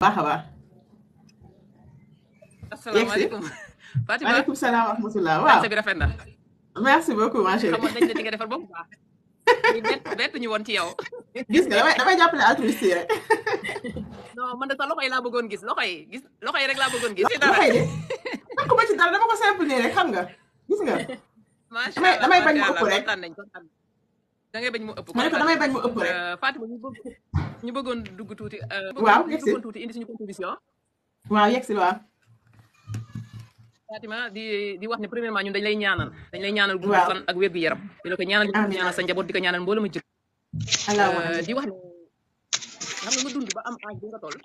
baax a baax. asalaamaaleykum Fatima maaleykum salaam wa rahmatulah waaw bi rafet na. merci beaucoup ma chérie. xamoon ne di defar ba mu baax. bett ñu woon ci yow. gis nga damay damay jàppale altruiste yi rek. non man de sax loxo laa bëggoon gis loxo yi gis loxo yi rek laa bëggoon gis. si dara loxo yi de ba ci dara dama ko simple nii rek xam nga gis nga. macha allah damay bañ ma ëpp rek. da ngay bañ mu ëpp. ma ne ko damay bañ mu euh, ñu bëggoon dugg tuuti. Euh, waaw yegg si bëggoon tuuti indi suñu contribution. waaw yegg si waaw. Fatima di di wax ne premièrement ñun dañ lay ñaanal. dañ lay ñaanal gudd fan ak wér gu yaram. di la ko ñaanal sa njaboot di ko ñaanal mbooloo ma jëkk. Euh, di wax ne xam nga nga dund ba am âge bi nga toll.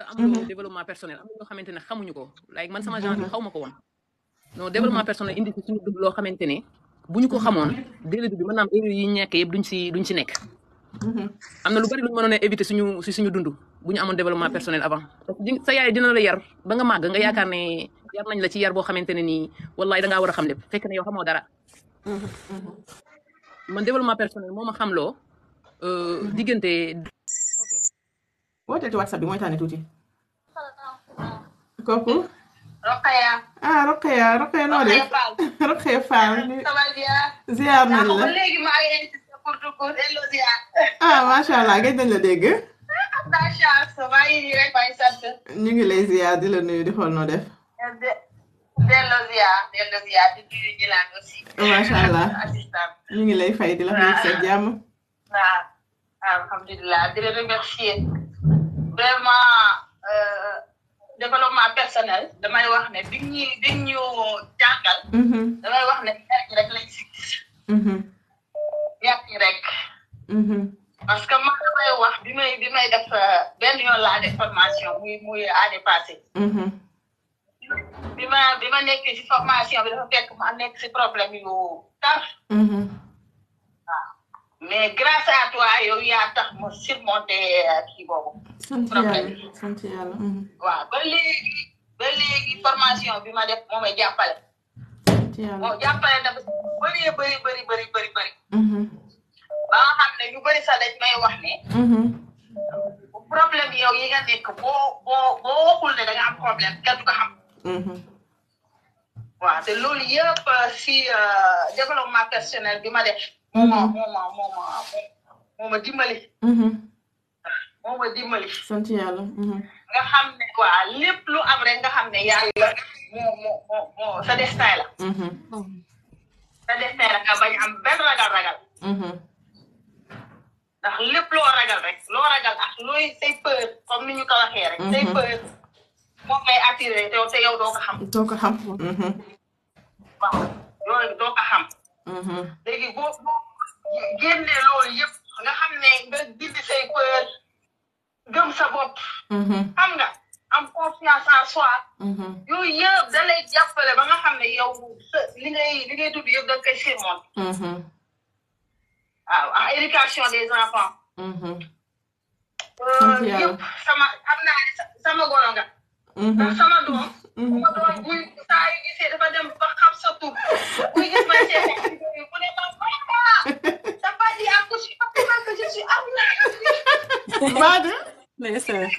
te amuloo mhm. développement personnel am na ñoo xamante ne xamuñu ko. like man sama mhm. genre xaw ma ko woon. non développement personnel indi ci suñu dund loo xamante ne. bu ñu ko mhm. xamoon déedéet bi mën naa am erreur yi ñekk yëpp du si duñ si nekk. Mhm. am na lu bari lu ñu mënoon a éviter suñu si suñu dund bu ñu amoon développement mhm. personnel avant. sa yaay dina la yar ba nga màgg nga yaakaar ne yar nañ la ci yar boo xamante ne nii wallaay da ngaa war a xam lépp fekk ne yow xamoo dara. man développement personnel moom a xam loo euh, diggante. ok wooteel ci whatsapp bi mooy tànn tuuti. kooku. ah Roqeya Roqeya noo def Roqeya Fall ziar la ah macha allah gëj la dégg. Ah, ñu ngi lay ziar di la nuyu di noo def. delloo ñu ngi lay fay di la fay sa jàmm. Ah, ah, développement personnel damay wax ne bi ñu bi ñu jàngal. Mm-hmm. damay wax ne ñaar ñi rek lañ si gis. Mm-hmm. ñi rek. Mm-hmm. parce que man damay wax bi may bi may def euh, benn yoon laa formation muy muy année passée. bi ma bi ma nekk si formation bi dafa fekk ma nekk si problème yu tar. mais grâce à toi yow yaa tax ma surmonter kii boobu. problème bi sant yàlla waaw mhm. ba bi ma def moom ay jàppale. sant yàlla moom jàppale dafa bëree bëri bëri bëri bëri bëri. Mhm. ba nga xam ne ñu bëri sax dañ may wax ne. Mhm. problème yow yi nga nekk am problème kenn du ko xam. loolu yëpp euh, si euh, développement bi ma def. moom a moom moo ma dimbali. moo ma dimbali. sant yàlla. nga xam ne waa lépp lu am rek nga xam ne yàlla moo moo moo sa destin la. Mm-hmm. sa destin la nga bañ am benn ragal ragal. Mm-hmm. ndax lépp loo ragal rek loo ragal ak looy say peur comme ni ñu ko waxee rek. say mm-hmm. peur moom lay attiré te yow doo ko xam. doo ko xam. waaw loolu doo ko xam. Mm-hmm. léegi boo boo génnee loolu yëpp nga xam ne nga dindi say kër gëm sa bopp. Mm-hmm. xam nga am confiance en soi. Mm-hmm. yooyu yëpp da lay jàppale ba nga xam ne yow li ngay li ngay tudd yëpp da nga koy surmonter. waaw en éducation des enfants. Euh, yëpp sama am naa sama goro nga. bu ko doon buy saa yu gisee dafa dem ba xam sa tur buy gis ma see wax mu ne ma Maada dafa di accouché parce que je suis am na. Maada. ndeysaan.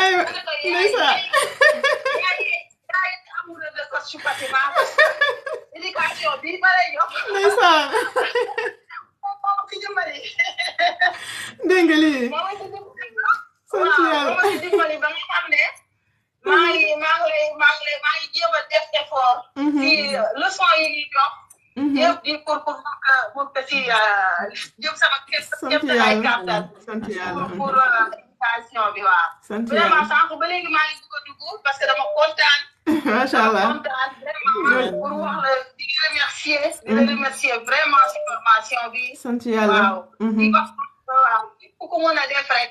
aywa ndeysaan. éducation bi ba lay yokk. ndeysaan. dégg nga lii. sant yàlla. maa ngi mm-hmm. maa ngi lay maa ngi lay maa ngi jéem a def effort. Mm-hmm. ci euh, leçon yi ñuy jox. Mm-hmm. yëpp di pour pour pour que pour que si euh, jëm sama kër jëm sama ay kàttan. sant yàlla pour pour euh, éducation bi waaw. sant yàlla vraiment sànq ba léegi maa ngi dugg a dugg parce que dama kontaan. macha allah dama kontaan vraiment pour wax la di nga remercier. di nga remercier vraiment si formation bi. sant yàlla waaw. di wax waaw ku ko mën a def rek.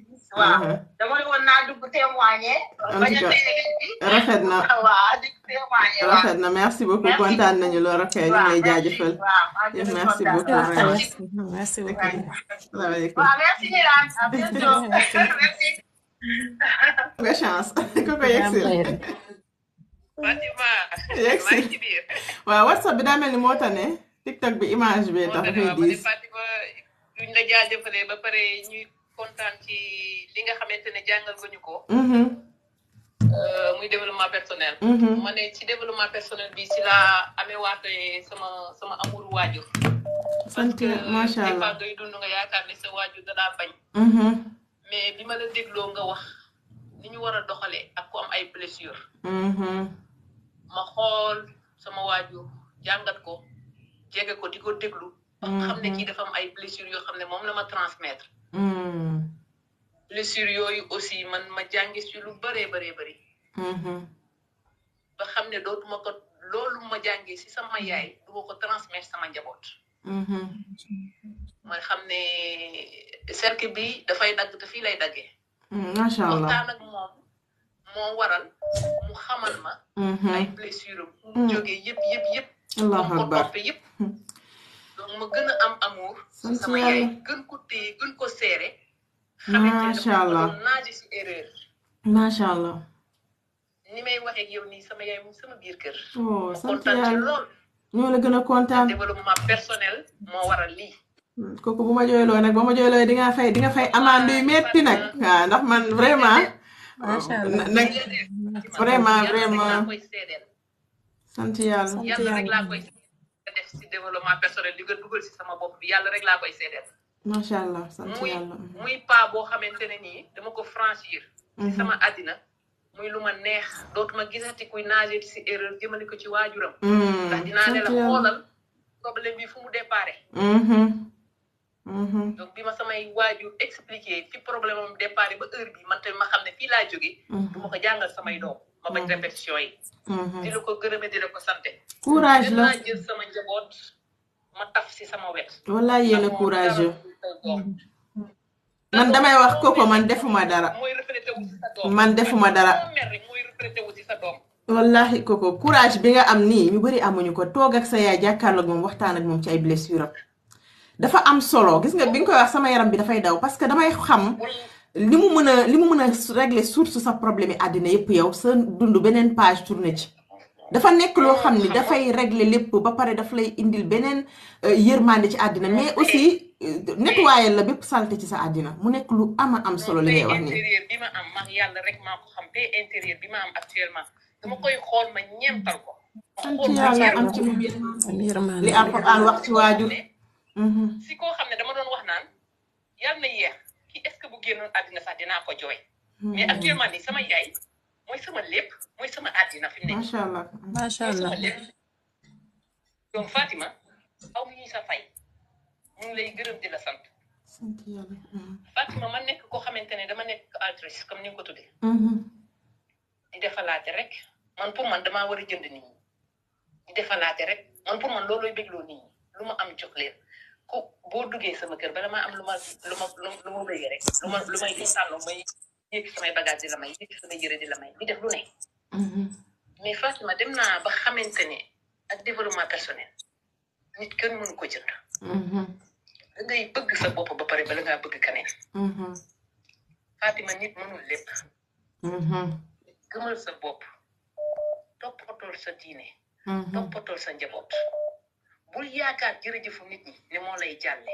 waaw dama ne woon naa dugg témoigner. en tout cas rafet na waaw dugg témoigner waaw rafet na merci beaucoup kontaan nañu lool rafet ñu ngi lay jaajëfal. merci beaucoup ko yegsi Fatima yegsi whatsapp bi daa mel ni moo tane tiktok bi image bi tax fii kontaan ci li nga xamante ne jàngal ko ñu ko. Mm-hmm. Euh, muy développement personnel. Mm-hmm. ma ci développement personnel bi si laa amee waatee sama sama amuru waajur. sant macha allah parce que yaakaar ne sa waajur da daa bañ. Mm-hmm. mais bi ma la dégloo nga wax ni ñu war a doxalee ak ku am ay blessure. ma xool sama waajur jàngat ko jege ko di ko déglu. xam ne kii dafa am ay blessures yoo xam ne moom la ma transmettre. Hmm. blessure yooyu aussi man ma jàngis si lu baree baree bëri hmm. ba xam ne dootuma ko loolu ma jàngee si sama hmm. yaay du ma ko transmettre sama njaboot mooy xam ne cercle bi dafay dagg te fii lay daggee macha allah waxtaan ak moom moo waral mu xamal ma ay blessure mu jógee yëpp yëpp yëpp allahu akbar yëpp donc ma gën a am amour. sama yaay gën ko téye gën ko seere. macha allah xamante allah. ni may waxee ak yow nii sama yaay moom sama biir kër. oh sant yàlla lool. ñoo la gën a kontaan développement personnel moo waral lii. kooku bu ma jooyloo nag ba ma jooyloo di nga fay di nga fay amande metti nag waaw ah, ah, ndax man ah. vraiment. nag vraiment vraiment. sant yàlla sant def si développement personnel li nga dugal si sama bopp bi yàlla rek laa koy seedeel. macha allah muy mhm. muy pas boo xamante ne nii dama ko franchir. si mhm. sama àddina muy lu ma neex dootuma gisati kuy naajati si erreur jëmale ko ci waajuram. Mhm. ndax dinaa ne la xoolal problème bi fu mu déparé. Mm-hmm. donc bi ma samay waajur expliqué ci problème am départ ba heure bi man tamit ma xam ne fii mm-hmm. jàngal samay doom. ma bañ mm-hmm. répétition yi. di la ko gërëme ko sante courage la dinaa sama njaboot ma taf si sama wet. wallaay yéen a courage. man damay wax koko man defuma dara. man defuma dara. wallahi koko courage bi nga am ni ñu bëri amuñu ko toog ak sa yaay jàkkaarloog moom waxtaan ak moom ci ay blessure dafa am solo gis nga bi nga koy wax sama yaram bi dafay daw parce que damay xam li mu mën a li mu mën a régler source sa problème yi àddina yëpp yow sa dund beneen page tourné ci dafa nekk loo xam ni dafay regle lépp ba pare daf lay indil beneen euh, yërmande ci àddina mais aussi euh, nettoyer la bépp salte ci sa àddina mu nekk lu ama am solo li ngay wax nii. intérieur am yàlla rek maa ko xam ko. sant ci waajur. Mm-hmm. si koo xam ne dama doon wax naan yal na yeex ki est-ce que bu génnoon àddina sax dinaa ko jooy. Mm-hmm. mais actuellement nii sama yaay mooy sama lépp mooy sama àddina fi mu nekk. macha allah macha allah donc Fatima aw ñu sa fay gërëm di sant. sant yàlla. Mm-hmm. ma nekk koo xamante ne dama nekk altruiste comme ni nga ko tuddee. di defalaate rek man pour man damaa war a jënd ni ñi. di defalaate rek man pour man loolooy bégloo nit lu ma am jox ku boo duggee sama kër bala maa am lu ma lu ma lu ma bëgg rek lu ma lu may sànno may yëg samay bagage di la may yëg samay jëre di la may di def lu ne mm-hmm. mais Fatima dem naa ba xamante ne ak développement personnel nit kenn mënu ko jënd mm-hmm. da ngay bëgg sa bopp ba pare bala ngaa bëgg keneen mm-hmm. Fatima nit mënul lépp gëmal sa bopp toppatool sa diine toppatool sa njaboot bul yaakaar jërëjëfu nit ñi ne moo lay jàlle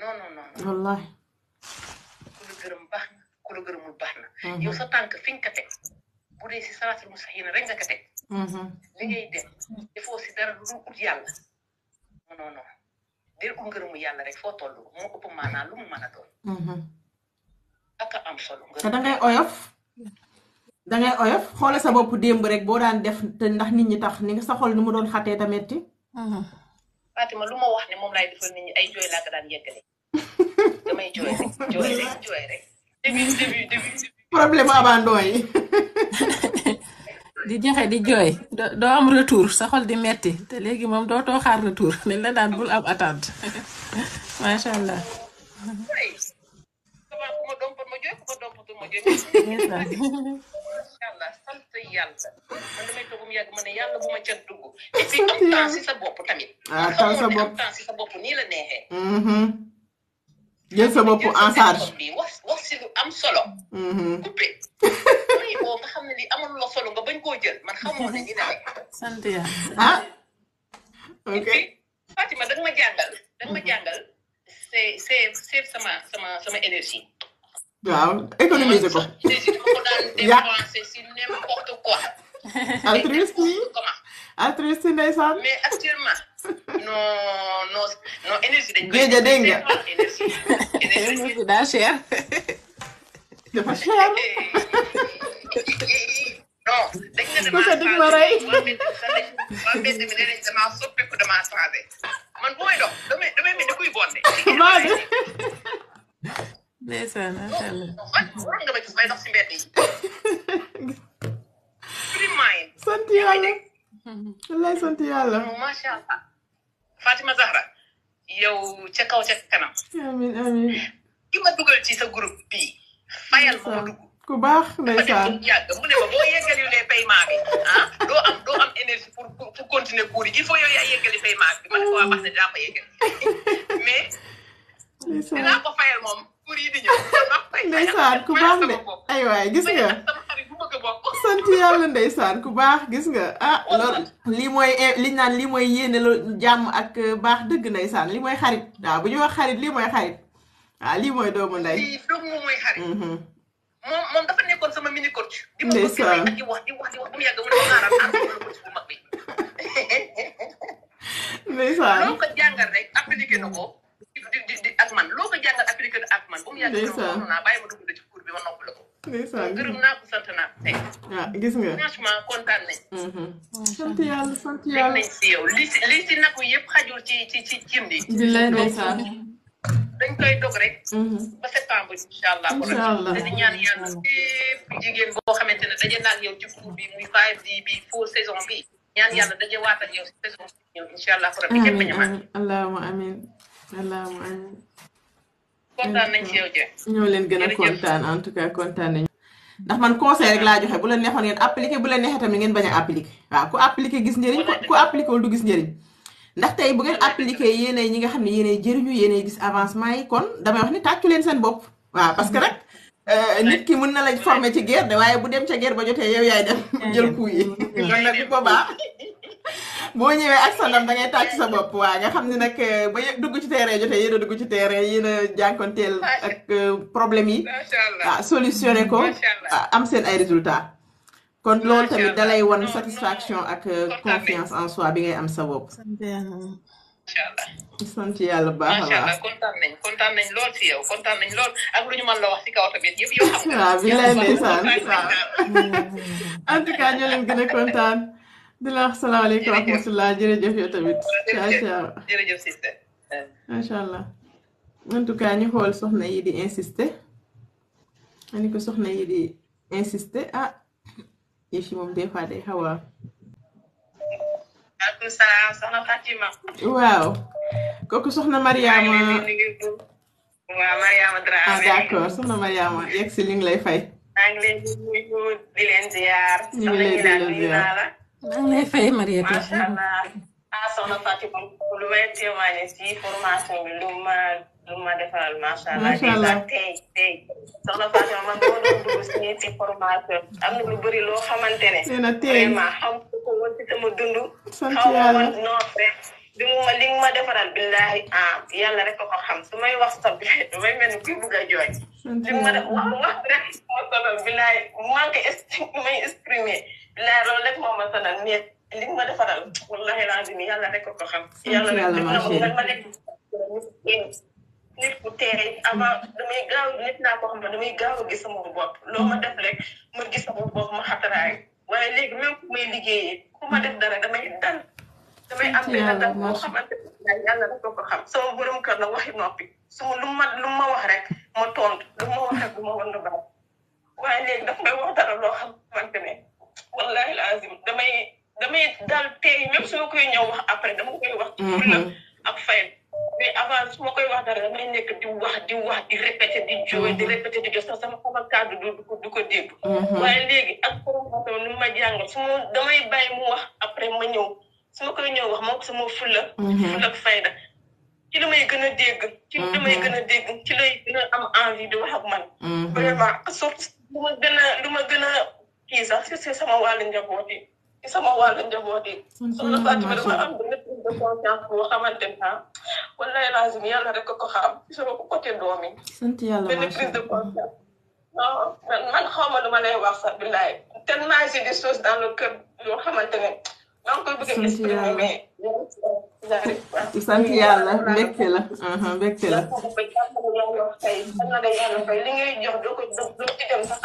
non non non. wallaahi. ku la gërëm baax na ku la baax na. Mhm. yow sa tànk fi nga ko teg bu dee si salaatul mustaqiim rek nga ko teg. Mhm. li ngay dem defoo si dara lu ut yàlla yàlla rek foo toll moo ëpp maanaa lu mu mën a doon. Mhm. am solo. te da ngay oyof. da ngay oyof xoole sa bopp démb rek boo daan def ndax nit ñi tax ni nga sa xol ni mu doon xatee tamit. Fatima lu ma wax ne moom laay defal nit ñi ay jooy laa ko daan yeggale damay jooy rek jooy rek jooy rek début début début problème abandon yi di joxe di jooy doo am retour sa xol di metti te léegi moom dootoo xaar retour dañ la daan bul am attente macha allah ma allah sant yàlla man damay toog mu yàgg ma ne yàlla bu ma ca dugg. et puis si sa bopp tamit. ah temps sa bopp si sa bopp nii la neexee. Mm-hmm. jël sa bopp en charge wax wax si lu am solo. coupé mooy boo nga xam ne lii amul loo solo nga bañ koo jël man xamoo ne ñu ne sant yàlla ah. ok Fatima da nga ma jàngal da ma mm-hmm. jàngal c'est c'est sama sama sama énergie. waaw économiser ko. yàq altruiste yi altruiste yi ndeysaan. mais actuellement non non non daa cher. dafa cher. non dañ ne damaa ndeysaan war nga ma gis may dox si mbedd yi. sant yàlla. wallaay sant yàlla. macha allah. Fatima Zahra. yow ca kaw ca kanam. amiin amiin. ki ma dugal ci sa groupe bi fayal ma ma dugg. ku baax ne ma ah? doo am doo am énergie pour pour continuer cours yi il faut yow yaa yeggali paiement bi man waa baax na dinaa ko yeggali mais dinaa ko fayal moom. pour yi di ñëw. ndeysaan ku baax de ay waay gis nga sant yàlla ndeysaan ku baax gis nga ah loolu lii mooy li naan li mooy yéene lu jàmm ak baax dëgg ndeysaan lii mooy xarit waaw bu ñuy wax xarit lii mooy xarit waaw lii mooy doomu ndey. nekkoon sama mini coach. ndeysaan di ndeysaan ko jàngal di di ak man loo ko jàngal appliqué ak man ba mu yàgg naa bàyyi ma dugg la ci cours bi ma nopp la ko gërëm naa ko sant naa tey ah, gis nga franchement kontaan nañ mm-hmm. sant yàlla sant yàlla nañ si yow li si li si naku yëpp xajul ci ci ci cim bi billaay ndeysaan dañ koy dog rek mm-hmm. ba septembre incha allah incha allah dañu ñaan yàlla képp jigéen boo xamante ne daje naa ak yow ci cours bi muy five di bi four saison bi ñaan yàlla daje waat ak yow saison bi ñëw incha allah rabbi képp ñu ma allahuma amin kontaan nañ ci yow Dieng. ñoo leen gën a kontaan en tout cas kontaan nañu. ndax man conseil rek laa joxe bu la neexoon ngeen appliqué bu la neexee tamit ngeen bañ a appliqué waaw ku appliqué gis njëriñ ku appliqué wul du gis njariñ ndax tey bu ngeen appliqué yéenay ñi nga xam ne yéenay jëriñu yéenay gis avancement yi kon damay wax ni tàccu leen seen bopp. waaw parce que rek euh, nit ki mën na la former ci guerre de waaye bu dem ca guerre ba jotee yow yaay dem jël coup yi. kon nag boo ñëwee ak sa ndam da ngay tàcc sa waa nga xam ne nag euh, ba dugg ci terrain jotee yéen a dugg ci terrain yéen a jànkonteel ak euh, problème yi ah solutionné ko ah, am seen ay résultat kon loolu tamit dalay wan satisfaction ak euh, confiance en soi bi ngay am sa bopp sant yàlla baax a baax macha allah kontaan nañ kontaan lool si la wax si kaw tamit bi lay ndeysaan en tout cas ñoo leen gën a di la wax salaamaaleykum wa rahmatulah jërëjëf yow tamit. jërëjëf sister. macha allah en tout cas ñu xool ko soxna yi di insister ah yëf moom des fois day xaw a. maaleykum soxna Fatima. waaw kooku soxna Mariama. waaw Mariama ah, d'accord soxna Mariama yegg si ñu lay fay. maa ngi leen di nuyu maa ngi lay fay Mariétou macha allah ah ma lu ma defaral macha allah. macha allah tey tey soxna Fatou man moo am na lu bëri loo xamante ne. vraiment xam ko woon ci sama dund. sant yàlla xaw ma bi mu ma li ma defaral billahi ah yàlla rek ko xam su may wax sax damay mel ni kuy bugg a jooy. li ma def wax wax rek ma solo billahi manqué exprimer. la loolu a moo ma sonal mais li ma defaral wallahi lazim yàlla rek ko xam. yàlla rek ma nekk nit ku teere avant damay gaaw nit ko xam damay gaaw a gis sama bopp loo ma def rek ma gis sama bopp ma xataraay waaye léegi même ku may liggéeyee ku ma def dara damay dal damay am benn dal moo xamante ne yàlla rek ko xam sama borom kër nag waxi noppi su ma lu ma lu ma wax rek ma tontu lu ma wax rek du ma war na baax waaye léegi daf may wax dara loo xamante ne wallahi lazim damay damay daal tey même su ma koy ñëw wax après dama koy wax. fulla mhm. ak fayal. mais avant su koy wax dara damay nekk di wax di wax di répété di jooy mhm. di répété di jooy sama sama kàddu du du ko dégg. Mhm. waaye léegi ak formation nu ma jàngal su damay bàyyi mu wax après ma ñëw su ma koy ñëw wax ma sama fulla. fulla ak fayda. ki la may gën a dégg. ci la may gën a dégg ci lay gën a am envie di wax ak man. vraiment surtout lu ma gën a ma kii sax si si sama wàllu njaboot yi si sama wàllu njaboot yi. soxna Fatima dama am benn prise de conscience boo xamante ne ah wallaahi lazim yàlla rek ko xam gisuma ko côté doom yi. sant yàlla benn prise de conscience. non man xaw ma lu ma lay wax sax billaay tellement j'ai des choses dans le cœur yoo xamante ne. sant uh-huh, yàlla mbégte la mbégte la li ngay jox doo ko doo ci dem sax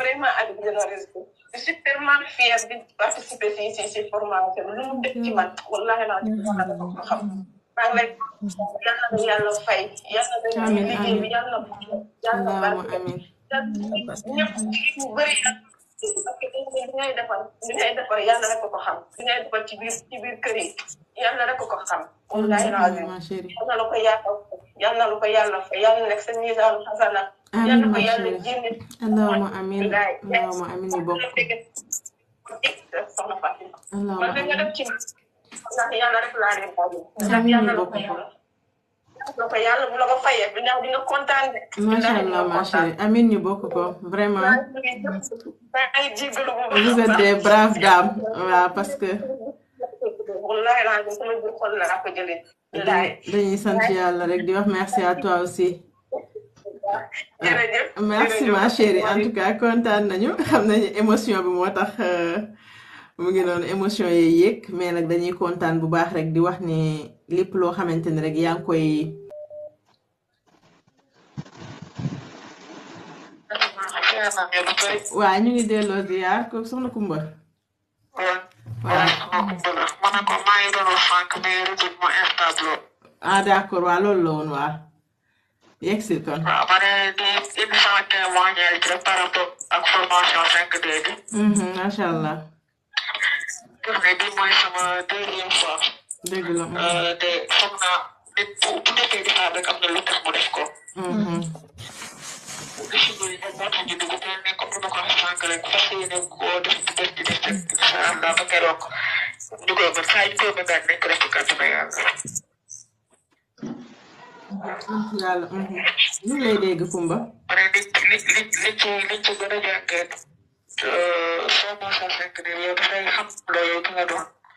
vraiment ak générosité je suis tellement fière de participer si si parce que li ngay defal li ngay defal yàlla rek ko xam li ci biir ci biir kër yi yàlla ko ko yàlla yàlla la ko yàlla fa yàlla nekk sa misaalu dafa yàlla bu la ko ñu bokk ko vraiment. maa ngi jégalu bu parce que. wallaahi laa dañuy sant yàlla rek di wax merci à toi aussi. Ah, merci ma chérie en tout cas kontaan nañu xam nañu émotion bi moo tax. Euh, mu ngi noonu émotion yee yéeg mais nag dañuy kontaan bu baax rek di wax ni. lépp loo xamante ne rek yaa ngi koy waaw ñu ngi delloo ko soxna Kumba waaw ma ne ko maa ngi doon wax sànq mais réseau bi instable ah d'accord waaw ma ne di émission témoignage mhm, di mooy sama deuxième fois dëgg euh, foog naa bu bu defee defaat rek am na lu tax mu def ko. Mm-hmm. suñu yëpp moo tax ñu dugg mais mais comme ni ko waxee sànq rek fas yéene koo def di def di def rek ba keroog ñu koy mën saa koy mën daal nekk rek kàttanu yàlla. yàlla mm-hmm. ñu ngi lay dégg Kumba. ma ne li li li li ci li ci gën a jàngee euh, soo mos a fekk ne yow dafay xam nga doon.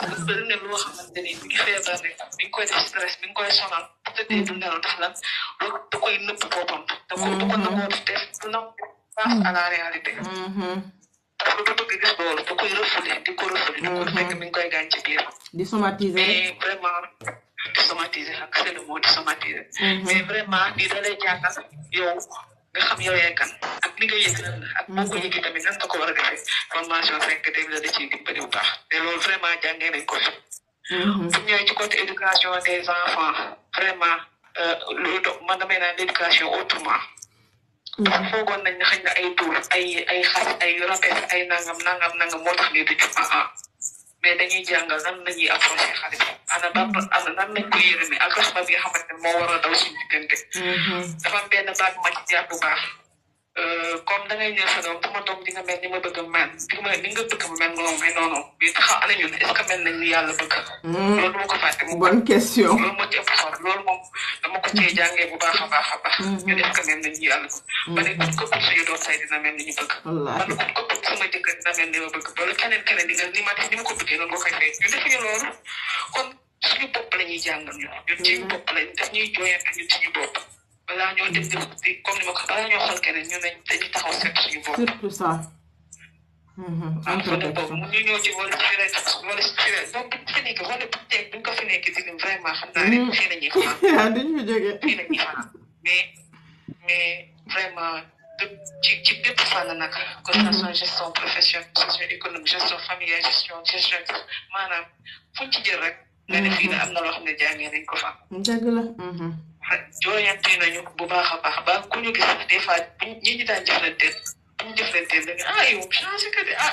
am na bëri na loo xamante ni mi ngi feebar rek mi ngi koy def stress mi ngi koy sonal du nelaw def lan loolu da koy nëpp boppam. da ko da ko nangoo def du nangoo face à la réalité. parce que du bëgg gis loolu da koy refoulé di ko refoulé. di ko fekk mi ngi koy di somatiser mais vraiment di somatiser ak c'est di somatiser. Mm-hmm. mais vraiment di dalee jàngal yow. nga xam yo yaay kan ak li nga yëg ak boo ko mm-hmm. yëgee tamit nan nga ko war a defee formation cinq dem la da ciy dimbali bu baax te loolu vraiment jàngee nañ ko fi bu mm-hmm. ñëwee a côté éducation des enfants vraiment euh, loolu do man damay naan l'éducation autrement ndax mm-hmm. foogoon nañ ne xëy na ay dóor ay ay ay rabes ay na nangam na moo tax lii du ah ah mais dañuy jàngal nan la ñuy approché xarit ana ba ana nan a ko yërëmee ak raxma bi nga xamante a daw suñu diggante. Mm-hmm. dafa am benn baat ma ci Euh, comme da ngay ñëw sa doom sama doom di nga mel ma bëgg a mel di nga ni nga bëgg a mel noonu mais non non mais taxaw ana ni yàlla bëgg. Hmm. loolu moo ko fàtte. bonne question loolu moo ci ëpp moom dama ko cee jàngee bu baax a a baax. Hmm. ñun est ce que mel nañ bëgg. Hmm. ba ne ku ko bëgg suñu doom say dina mel ñu bëgg. ko bëgg sama jëkkër dina mel ni ma loolu keneen keneen di nga ni ma ni ma ko bëggee noonu nga koy fay ñu defuñu loolu kon suñu bopp balaa ñoo dem comme ni ma ko balaa ñoo na mm-hmm. boobu mu ñu ñëw ci wala ci ren wala ci ren boobu bu ñu fi fi nekkee di vraiment xam naa rek mm-hmm. fii la ñuy fanaan. Ah, dañu fi jógee fii la ñuy fanaan mais mais rek. nga ne fii mm-hmm. am na loo xam ne jàngee nañ fa. dëgg la. jooyante nañu bu baax a baax ba ku ñu gis sax des fois ñi ñu daan ñu jëflanteel ah yow changé que de ah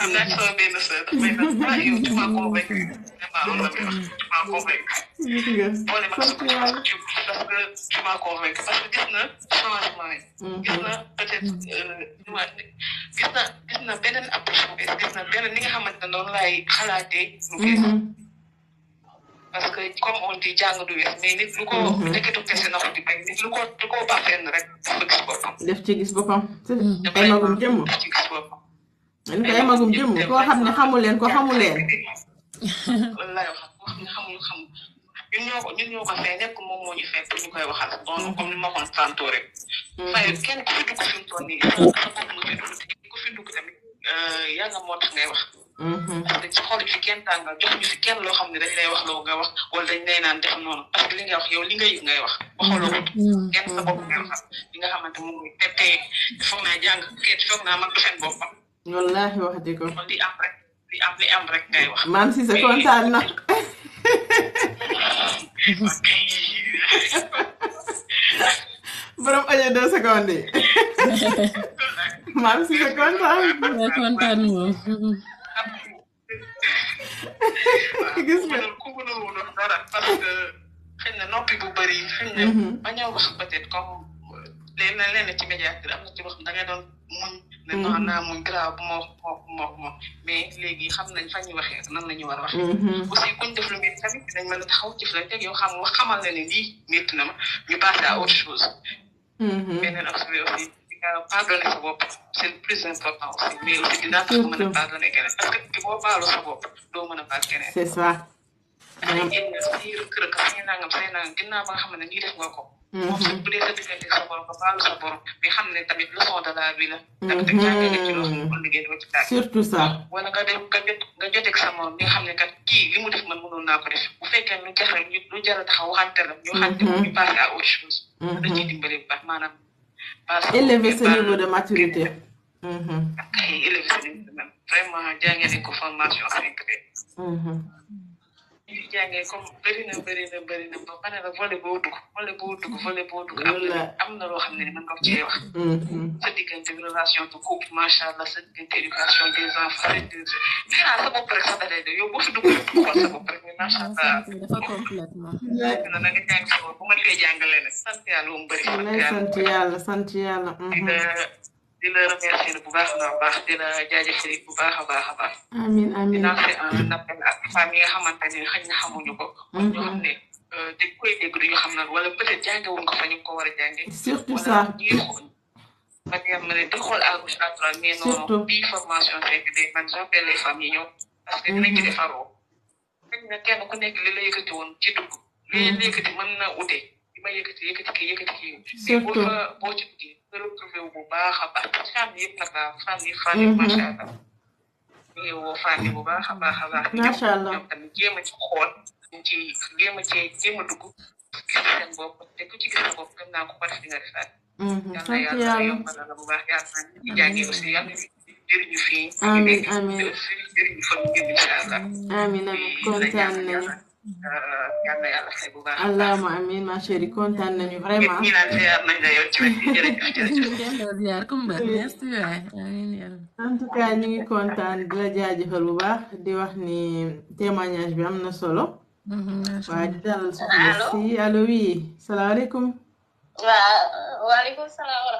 am naa ci benn sœur daf may naan ah yow tu m'as convaincu parce que tu m'as convaincu parce que gis na changement yi mm-hmm. gis na peut être euh, gis na gis na beneen approche bu bees gis na beneen ni nga xamante ne noonu laay xalaatee lu mm-hmm. bees parce que comme on dit jàng du wees mais nit lu ko. Mhm. nekkatu kese na ko lu ko lu ko baax fenn rek gis boppam. def ci gis boppam. dafay ay magum jëmm daf ci gis boppam. xam ne xamu leen ko xamu leen. wallaahi wax koo xam ne xamul xamu ñun ñoo ko ñun ko fee nekk moom moo mhm. comme ni ma ko santoo rek. fay mhm. kenn ku fi dugg fi mu toll nii. ku fi dugg euh, ndax dañ si xool fi kenn tàngal jox ñu fi kenn loo xam ne dañ lay wax loo nga wax wala dañ lay naan def noonu parce que li nga wax yow li nga yëg ngay wax waxaloo ko mm-hmm. kenn sa bopp ngay waxal li nga xamante moom mooy te tey foog naa jàng kenn foog naa man du fen boppam wallaahi wax di ko li am rek li am li am rek ngay wax maam si sa kontaan na borom añee deux secondes yi maam si sa kontaan kontaan moom gis nga waaw ku dara parce que xëy na noppi bu bëri xëy na. bañoo wax peut-être comme leneen leneen ci médiateur am na ci wax da nga doon muñ. ne mhm. non naa muñ grave moo moo moo moo mais léegi xam nañ fa ñu waxee nan la war a waxee. Mhm. aussi kuñ def lu métti tamit dinañ mën a taxaw ci xam wax xamal na ne lii métti na ma ñu passé à autre chose. Mhm. beneen observé aussi. pardonné sa bopp c'est le plus important aussi mais aussi dinaa tax mën a pardonné parce que boo baalu sa bopp a mën a baal keneen. c'est ça. dañuy génn si rëkk rëkk say nangam say nangam ginnaaw ba nga xam ne nii def nga ko. Mm-hmm. moom su bu dee sa diggante sa borom ba baalu ne tamit leçon de la vie la. Mm-hmm. tamit da nga jàngee a loolu pour liggéey dama ci daal. surtout ça. wala nga dem nga jot naa a taxaw parce que élever ce de maturité. Mhm. élever ce niveau de maturité vraiment jàngee nañ ko formation avec ñu jàngee comme bëri na bëri na bëri na ba pare la volet boo dugg volet boo dugg volet boo dugg am na loo xam ne mën nga ko cee wax sa diggante relation de couple macha allah sa diggante éducation des enfants sa bopp rek sax da lay yow boo fi dugg rek xool sa bopp rek macha allah dafa complètement na nga jàng sa bopp bu ma tee jàngalee nag sant yàlla mu bëri sant yàlla sant yàlla di la remercier bu baax a baax di la jaajëfal bu baax a baax a baax. amiin amiin di lancer un appel ak femmes yi nga xamante ne xëy na xamuñu ko. Mm-hmm. ñu xam ne euh, dañ koy dégg du ñu xam naan wala peut-être jàngewuñ ko fa ñu ko war a jàngee. surtout ça wala ñuy xool. man xool à gauche à droite mais non bii formation fekk day man j'appelle les femmes yi ñëw. parce que dinañ ci mm-hmm. defaroo. xëy na kenn ku nekk li la yëkkati ci dugg. li mm-hmm. na ute ma yëkkati yëkkati kii yëkkati kii. surtout retrouvé wu bu baax a baax parce a baax a baax a ci xool a cee a dugg gis seen bopp te ko na yàlla na yàlla xëy ma chérie kontaan nañu vraiment. ñu naan ziar nañ la yow ci wet bi jërëjëf jërëjëf. en tout di la jaajëfal bu di wax ni témoignage bi am na solo. Mhm, waa di dalal soxna si allo oui salaamaaleykum. waaw waaleykum salaam wa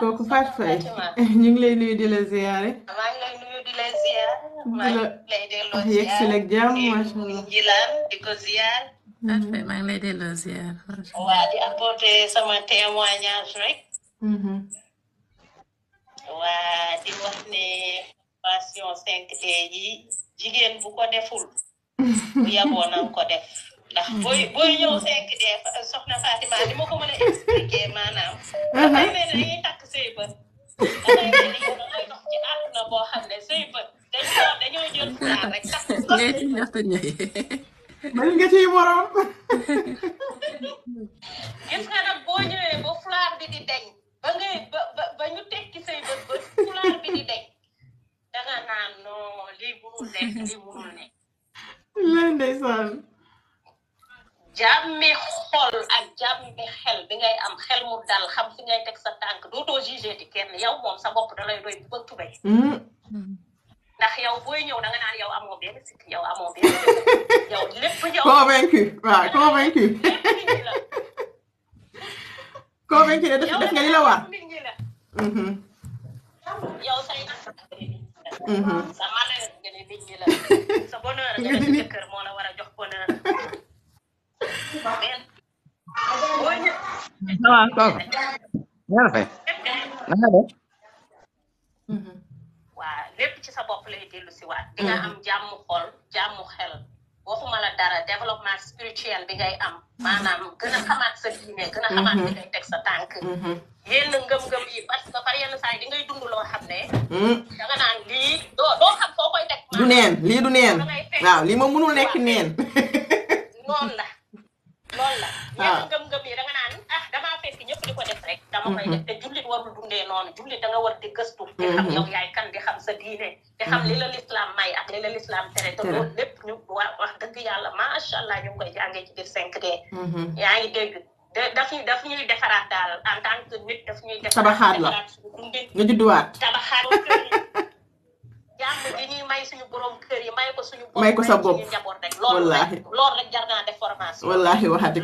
kooku Fatou Faye ñu ngi di la ziyaare. maa lay nuyu di la ziyaar. Mm-hmm. maa ngi lay delloo ziyaar yegg di ko ziyaar. maa ngi lay delloo ziyaar. waa di sama témoignage rek. Mm-hmm. waa wax ne formation 5D jigéen bu ko deful. bu yaboon na def. ndax mm-hmm. booy booy ñëw 5D soxna Fatima ni ma ko mën a expliquer maanaam. dafay mel ni dañuy takk say bët. dafay mel ni yow da ngay dox ci àdduna boo xam ne say bët dañoo dañoo jël fulaar rek takk ko. mën nga ciy morom. gis nga nag boo ñëwee ba fulaar bi di deñ ba ngay ba ba ñu tekki say bët ba fulaar bi di deñ da nga naan non lii munul nekk lii munul nekk. lan ndeysaan. jàmmi xol ak jàmmi xel bi ngay am xel mu dal xam si ngay teg sa tànk dootoo jugé ti kenn yow moom sa bopp da lay bu bëgg tubay hmm. ndax yow booy ñëw da nga naan yow amoo benn sikk yow amoo benn yow lépp yow convaincu waaw def nga li la hmm. nga ne hmm. jëkkër moo la war a jox bonheur perfect na nga def waa lépp ci sa bopp lay dellu si waat di nga am jàmm xol jàmm xel waxuma la dara développement spirituel bi ngay am maanaam gën a xamaat sa diine gën a xamaat bi ngay teg sa tànk yenn ngëm-ngëm yi parce que par yenn saa di ngay dund loo xam ne du neen lii du neen waaw lii moom mënul nekk neen noonu la loolu la ah. ñàkk gëm-gëm yi da naan ah fekk ñëpp di ko def rek dama koy mhm. def te jullit warul dundee noonu jullit da nga war di gëstu di xam mhm. yow di xam sa diine di xam la mhm. lislaam may ak li la lislaam tere te loolu lépp ñu wa wax dëgg yàlla macha allah ñu ngi koy jàngee ci biir 5D yaa ngi daf ñuy daf ñuy defaraat daal en tant que nit daf ñuy defaraat tabaxaat la nga judduwaat tabaxaat jàmm gi ñuy may suñu borom kër may ko suñu borom may ko sa bopp njaboot rek loolu rek loolu rek formation wallaahi waxati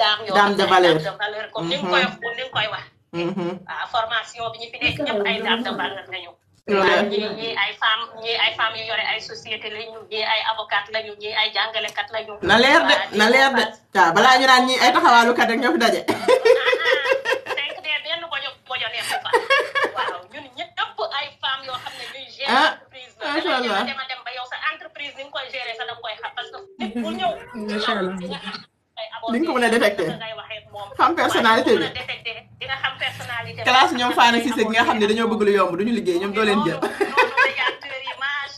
daam yoo daam de valeur koy wax mm-hmm. ah, formation bi ñu fi ay daam de valeur lañu waaw ñii ñii ay femme ñii ay femme yu yore ay société lañu ñii ay avocat lañu ñii ay jàngalekat lañu. na leer de ah, na leer de daje. Ah, ay femmes yoo xam ne ñuy gérer ah, entreprise la dama dem ba yow sa entreprise ni nga koy gérer sa da koy xam parce que nit bu ñëw a détecté xam personnalité bi dina ñoom faana si se gi nga xam ne dañoo bëgg lu yomb ñu liggéey ñoom doo leen jël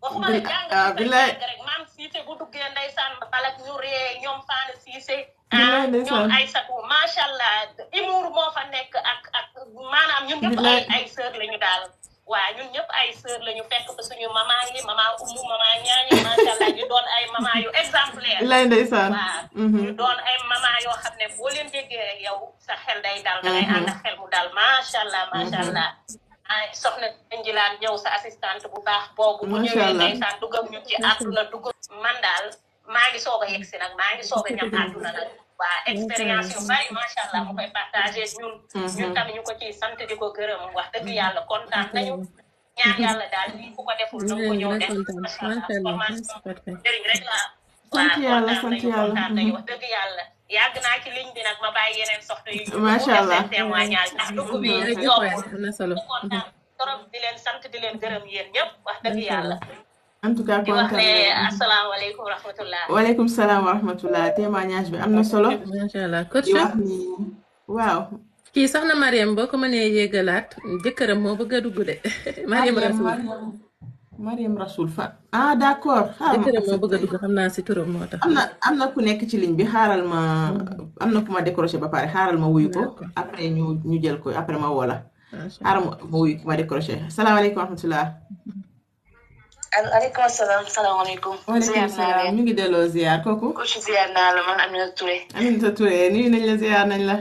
waxuma la jàng ah, billaay rek maam Cissé bu duggee ndeysaan balak ñu ree ñoom Fane Cissé ah ñoom Aysatu macha allah imuur moo fa nekk ak ak maanaam ñun ñëpp ay ay sœur daal waa ñun ñëpp ay sœur la ñu fekk ba suñu mama yi mama umu mama ñaañi macha allah ñu doon ay mama yu exemplaire lay ndeysaan mhm. ñu doon ay mama xam ne boo leen déggee yow sax xel day daal da ngay mhm. ànd xel mu dal macha allah macha allah mhm. soxna Ndilaat ñëw sa assistante bu baax boobu. bu ñëwee ndeysaan dugam man daal maa ngi soog a nag maa ngi soog a ñam àdduna nag. expérience yu bari macha allah mu koy partagé ñun. ñun ñu ko ci sant di ko gërëm wax dëgg yàlla kontaan nañu. ñaan yàlla daal lii ku ko deful na ko ñëw def. macha allah formation jëriñ rek la. sant yàlla sant yàlla waaw kontaan nañu kontaan nañu wax dëgg yàlla. yàgg naa ci ligne bi nag ma bàyyi yeneen soxna yu. macha allah témoignage ndax dugg bi na solo kontaan trop di leen sant di leen gërëm yéen ñëpp wax dëgg yàlla. en tout cas kontaan di wax salaam wa bi am na solo. macha allah di wax ni waaw. kii soxna Mariam boo ko mënee yéegalaat jëkkëram moo bëgg a de. Mariam Rasoul Mariam Rasoul Fall ah accord. xaaral ah, ma bëgg a dugg xam naa si turam moo tax. am na am na ku nekk ci ligne bi xaaral ma mm. am na ku ma décroché ba pare xaaral ma wuyu après ñu ñu jël ko après ma woo xaaral ma wuyu ma décroché wa rahmatulah. aleykum salaam salaamaaleykum. waaleykum ñu ngi delloo ziar kooku. ku ci ziar naa la man Aminata Touré. Aminata Touré nuyu nañ la ziar nañ la.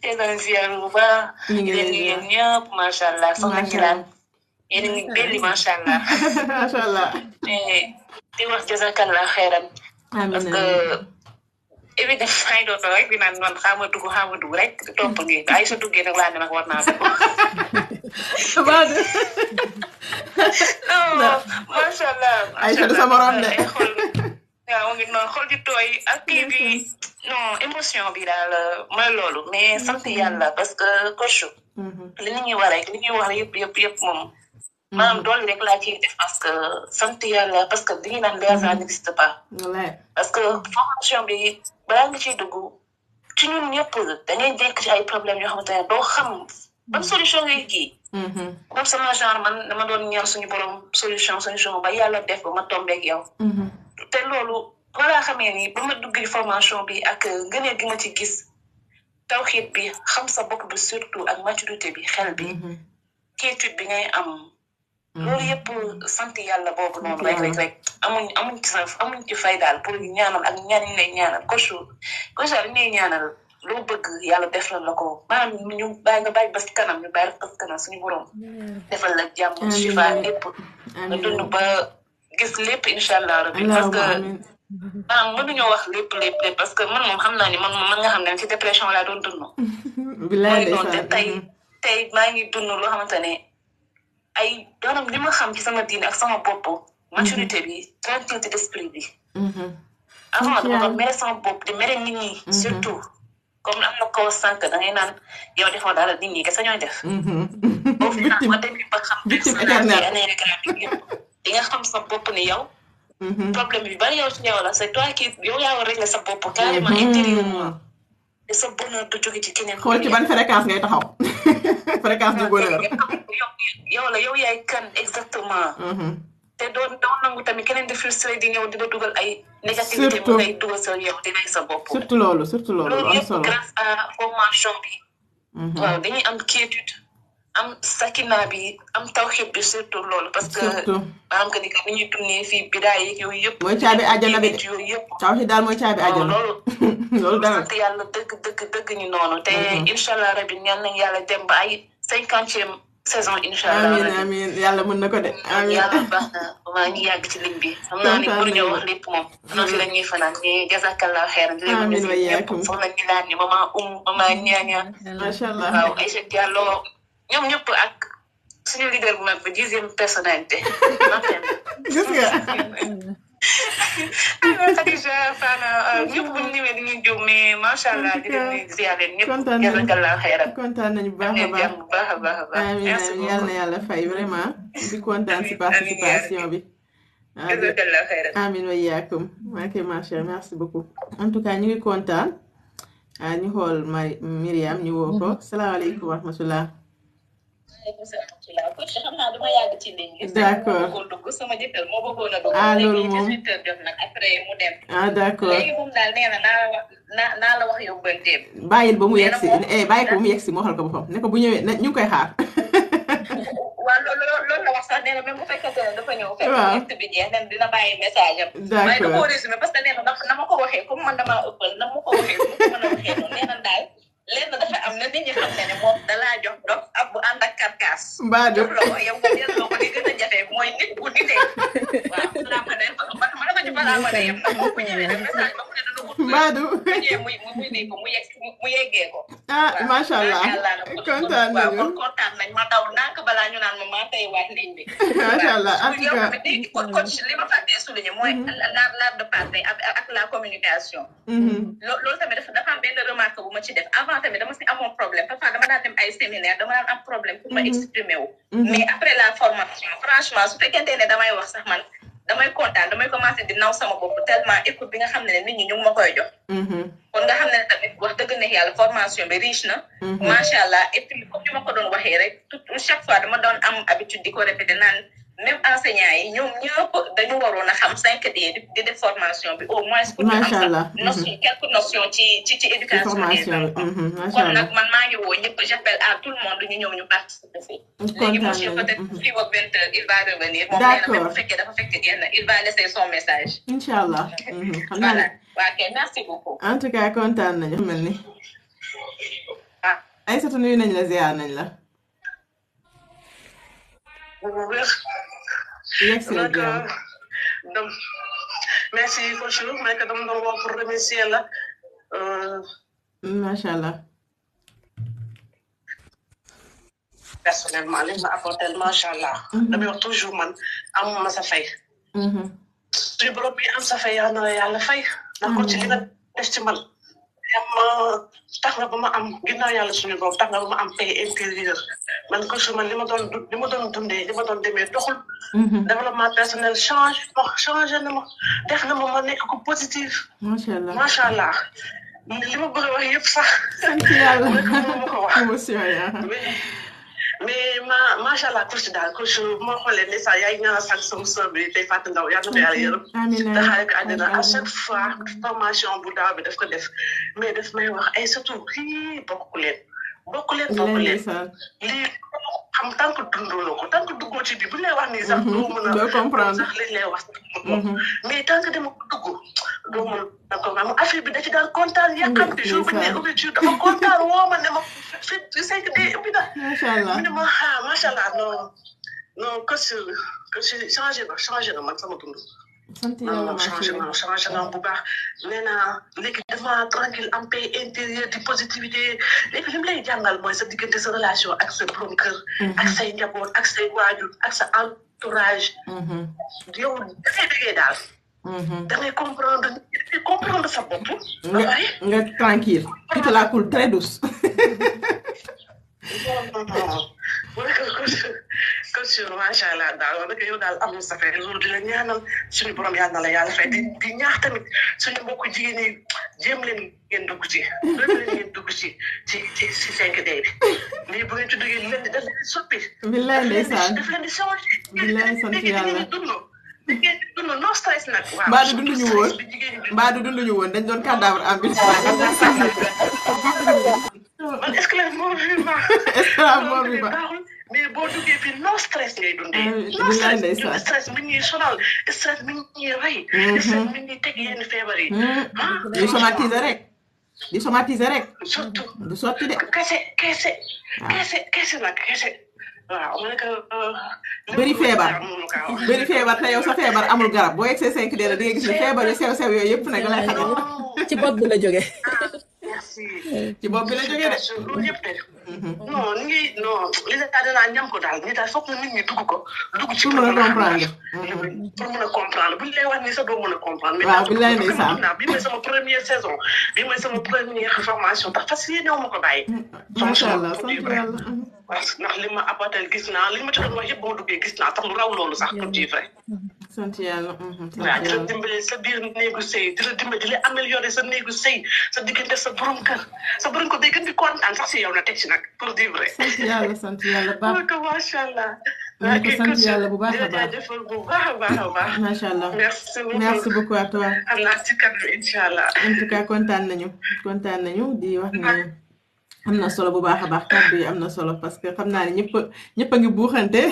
tey nañ ziar bu baax. ñu ngi leen di leen ñëpp macha allah soxna Kiraan. yéen a ngi belli macha allah. macha allah. di wax jazakallah eh, xeeran. amiin parce que évidemment maa ngi doon rek di naan man xaaral dugg xaaral dugg rek topp ngi ay sa duggee nag laa ngi noonu xool di tooy ak kii bi non émotion bi daal mooy loolu mais sant mm-hmm. yàlla parce que coach. Mm-hmm. li ni ñuy wax rek li ñuy yëpp yëpp yëpp moom. maanaam doole rek laa ciy def parce que sant yàlla parce que li ñu naan les gens n'existe pas. parce que formation bi balaa nga ciy dugg ci ñun ñëpp dangay dekk ci ay problèmes yoo xamante ne doo xam ban solution ngay sama genre man dama doon ñaan suñu borom solution solution ba yàlla def ba ma tombeek yow. Mm-hmm. te loolu balaa xamee ni ba ma dugg formation bi ak ngëneel gi ma ci gis tawxiit bi xam sa bopp bi surtout ak maturité bi xel bi. quiétude bi ngay am. loolu yëpp sant yàlla boobu noonu rek rek rek amuñ amuñ ci sax amuñ ci fay daal pour ñu ñaanal ak ñaan ñu lay ñaanal kochu kocha li ñuy ñaanal loo bëgg yàlla defal la ko maanaam ñu bàyyi nga bàyyi ba si kanam ñu bàyyi ba kanam suñu borom defal la jàmm sufa lépp nga dund ba gis lépp incha allah rabbi parce que maanaam mënuñoo wax lépp lépp lépp parce que man moom xam naa ni man man nga xam ne ci dépression laa doon dund mooy noonu te tey tey maa ngi dund loo xamante ne ay maanaam li ma xam ci sama diine ak sama bopp. Mhm. maturité bi tranquillité d'esprit bi. Mhm. avant dama ko mere sama bopp di mere nit ñi. Mhm. surtout comme am na ko sànq da ngay naan yow defoo dara nit ñi kese ñooy def. au final ma dem ba xam. di nga xam sa bopp ni yow. problème bi bari yow ci yow la c'est toi qui yow yaa war a régler sa bopp carrément intérieurement. de sa bonheur du jóge ci keneen. xool ci ban fréquence ngay taxaw fréquence du bonheur. yow la yow yaay kan exactement. Mm-hmm. te doon doon nangu tamit keneen di frustré di ñëw di la dugal ay. négativité mu ngay dugal sa yow di rey sa bopp. surtout loolu surtout loolu am solo loolu yëpp grâce à formation bi. Mm-hmm. waaw dañuy am quiétude. am sakina bi am tawxiid bi surtout loolu. parce que maanaam que ni que ni ñuy tourné fii bidaa yi yooyu yëpp. mooy caabi àjjana bi de yooyu yëpp. daal mooy caabi àjjana loolu. loolu dara sant yàlla dëgg dëgg dëgg ñu noonu. te mm-hmm. incha allah rabi ñaan nañu yàlla dem ba ay cinquantième saison incha allah. amiin na ko de. Mm-hmm. amiin yàlla yàgg ci ligne bi. xam na ni pour ñoo wax lépp moom. fi mm-hmm. la ñuy fanaan ñu jazakallah xeer. amiin wa yaakum soxna ñu laan ni maman um maman ñaaña. macha allah waaw Aïcha Diallo ñoom ñëpp ak suñu leader bu mag bi dixième personnalité. gis nga. Khadija Fana euh, di leen nañu bu baax a baax bu baax a baax a baax. merci na yàlla fay vraiment. di kontaan si participation bi. amin way yaakum maa koy marché en tout cas ñu ngi kontaan ah, ñu xool Mariam ñu woo ko mm-hmm. salaamaaleykum wa rahmatullah d'accord ah loolu moom ah d'accord bàyyil ba mu yegg si eh bàyyi ko ba mu yegg si mu waxal ko boppam ne ko bu ñëwee ñu ngi bu fekkente ne dafa ñëw. waaw que nee na lenn dafa am na nit ñi xam ne moom dalaa jox dox ab bu ànd ak karkaas. mbaa jox la ko yow ko a jafe mooy nit bu nitee. waaw balaa ma ne mu ne ko mu yegg ko. ah macha allah kontaan nañu daw ndànk balaa ñu naan ma maa tey waat liñ bi. macha allah en mm-hmm. de parler la communication. Mm-hmm. loolu tamit dafa am benn remarque ci def avant. avant tamit dama si amoon problème parfois dama daan dem ay séminaire dama daan am problème pour ma mhm. exprimer wu mhm. mais après la formation franchement su fekkente ne damay wax sax man damay kontaan damay commencé di naw sama bopp tellement écoute bi nga xam ne ne nit ñi ñu ngi koy jox mhm. kon nga xam ne ne tamit wax dëgg neex yàlla formation bi riche na macha allah et puis ma ko doon waxee rek tout chaque fois dama doon am habitude di ko répété naan même enseignants yi ñoom ñëpp dañu waroon a xam 5D di bi au moins. macha allah pour ñu am notion mhm. ci ci ci éducation. des enfants mhm. kon man maa ngi woo ñëpp à tout le monde ñu ñëw ñu participer si. léegi monsieur peut-être mhm. il va revenir. moom nee na fekkee dafa fekk génn il va laisser son message. incha allah. voilà waa kay merci beaucoup. en tout cas kontaan nañu mel ni. ah Aïssatou nuyu nañ la ziar nañ la. ouvert. Merci. Donc, euh, donc, merci, coach. Mais que la. Euh, macha allah. personnellement li ma apporté macha allah. Mm-hmm. damay toujours man am ma sa fay. Mm-hmm. bi am sa fay yal na yàlla fay. ndax ko ci li nga def ci man. tax na ba ma am ginnaaw yàlla suñu borom tax na ba ma am paix intérieure. man ko su man li ma doon du li ma doon dundee li ma doon demee doxul. Mhm. développement personnel change wax changé na ma def na ma ma nekk ko positif. macha allah macha allah li ma bëgg a wax yëpp sax. sant yàlla ma ko wax émotion yaa mais ma macha allah coach daal coach bu ma xoolee ne sax yaa ngi ñaanal sax sama sœur bi tey Fatou Ndao yàlla na ko yàlla yërëm. amiin amiin xaaral ko àddina à chaque fois formation bu daaw bi daf ko def mais daf may wax ay surtout kii bokk leen. bokk leen bokk leen lii xam tant que dundoo na ko tant que duggoo ci bi bu ñu lay wax nii sax. Mhm. doo mën a doo comprendre sax liñ lay wax. Mhm. mais tant que dama dugg doo mën a bi da ci daan kontaan mm-hmm. yàqante jour bi ne ouverture dafa kontaan woo ma ne ma fii cinq day mm-hmm. ubbi na. macha allah mu ne ma ah macha allah non non que si que changé na changé na man sama dund. sant yàlla non changé non changé bu baax nee naa léegi dafa tranquille am paix intérieur di positivité léegi li mu lay jàngal mooy sa diggante sa relation ak sa borom kër. Mhm. ak say njaboot ak say waajur ak sa entourage. Mhm. yow da ngay déggee mhm. nga tranquille tu très douce. sûr macha allah daal wax dëgg yow daal amul sa fay loolu di la ñaanal suñu borom yàlla na la yàlla fay di di ñaax tamit suñu mbokku jigéen ñi jéem leen ngeen dugg ci. jéem leen ngeen dugg ci ci ci ci 5D bi mais bu ngeen ci duggee leen di def leen soppi. billaay ndeysaan daf leen di sawar. billaay sant yàlla jigéen ñi dund no stress nag. waaw mbaa du dunduñu woon mbaa du dunduñu woon dañ doon cadavre en ville. man est-ce que la moom bi baaxul. mais boo duggee fii non stress ngay dundee. Euh, non stress stress mi ñuy sonal stress mhm. yi. Mhm. Ah, di somatiser rek di somatiser rek. surtout du sotti de. kese kese ah. kese kese nag kese waaw ma ne ko. bëri feebar bëri feebar te yow sa feebar amul garab boo yegsee cinq de la di nga gis feebar yu sew sew yooyu yëpp nag lay xamal. ci bopp bi la jógee. Ah. merci. ci bopp bi la jógee de loolu yëpp de. non ni ngi non li nga ñam ko daal ñu daal foog nit ñi dugg ko. dugg ci pour mën a comprendre. pour mën a comprendre buñ lay wax nii sax doo mën a comprendre. waaw buñ lay nee sax mais bii mooy sama première saison bii mooy sama première formation tax parce que yéen ñoo ko bàyyi. macha allah sant parce que ndax li ma abatal gis naa li ma ci yëpp boo duggee gis naa tax loolu sax comme tu vrai. sant yàlla. Mhm, waaw di la sa biir néegu sëy di la dimbale di la améliorer sa néegu sëy sa diggante sa borom kër sa borom kër day gën di kontaan sax si yow na teg si nag pour di vrai. sant yàlla sant yàlla baax na ko macha allah. maa ngi sant yàlla bu baax a baax bu baax a baax a baax. macha allah merci beaucoup merci beaucoup à toi. am naa si kàddu incha allah. en kontaan nañu di wax ne. am na solo bu baax a baax kàddu yi am na solo parce que xam naa ne ñëpp ñëpp a ngi buuxante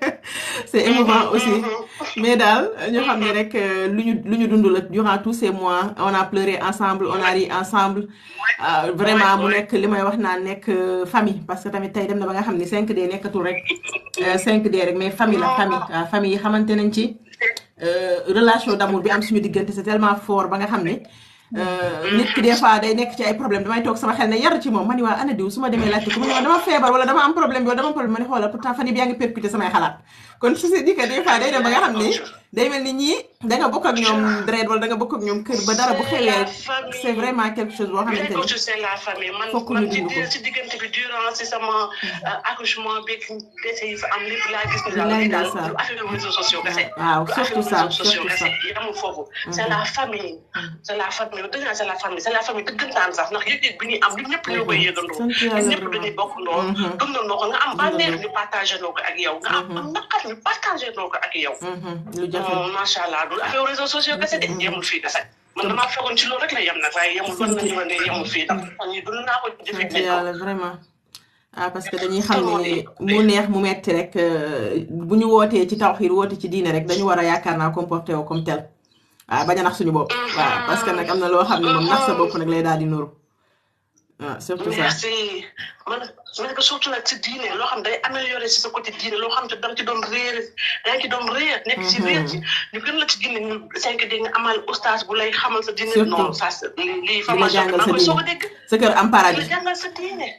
c'est émouvant mm-hmm, aussi mm-hmm. mais daal ñoo xam ne rek euh, lu ñu lu ñu dund la durant tous ces mois on a pleuré ensemble on a ri ensemble euh, vraiment mu nekk li may wax naa nekk euh, famille parce que tamit tey dem na ba nga xam ne 5D nekkatul rek 5D rek mais famille la famille waaw famille xamante nañ ci relation d'amour bi am suñu diggante c'est tellement fort ba nga xam ne. Euh, mm. nit ki des fois day nekk ci ay problème damay toog sama xel ne yar ci moom ma ni waa ana diw su demee laajte ko mu ne ma dama feebar wala dama am problème bi wala dama problème ma ne xoolal pourtant fan yi yaa ngi percuté samay xalaat kon su se dit que day dem ba nga xam ne day mel ni ñii da nga bokk ak ñoom deret wala da nga bokk ak ñoom kër ba dara bu xewee c'est vraiment quelque chose boo xamante ne c'est la famille man man ci euh, am lépp daal daal du affaire réseaux sociaux waaw surtout ça surtout ça yamul foofu mm-hmm. c'est la famille c'est la famille dëgg naa c'est la famille c'est la famille dëggantaan sax ndax yëg-yëg bi ñuy am du ñëpp ñoo koy mm-hmm. yëgandoo ñun ñëpp dañuy bokk ndoo mm-hmm. dundandoo ko nga am bànneex ñu partagé noo ko ak yow nga am naqar ñu partagé noo ko ak yow. Mhm. lu jafe macha allah du affaire réseaux sociaux kese de yemul fii kese. man fii ndax ñu dund naa ko vraiment. Ah, parce que dañuy xam ne mu neex mu metti rek euh, bu ñu wootee ci tawxiir woote ci diine rek dañu war a yaakaar naa comporté wu comme tel. waaw ah, bañ a nax suñu bopp. Mhm. waaw parce que nag am na loo xam ne moom nax sa bopp nag lay daal di nuru. ah surtout la merci diine loo xam day amélioré si sa côté diine loo xam te da nga ci doon réer da nekk ci mm-hmm. réer ci gën la ci diine ñu nga amal oustaz bu lay xamal sa diine. non ça lii formation bi maa koy a dégg. sa kër am paradis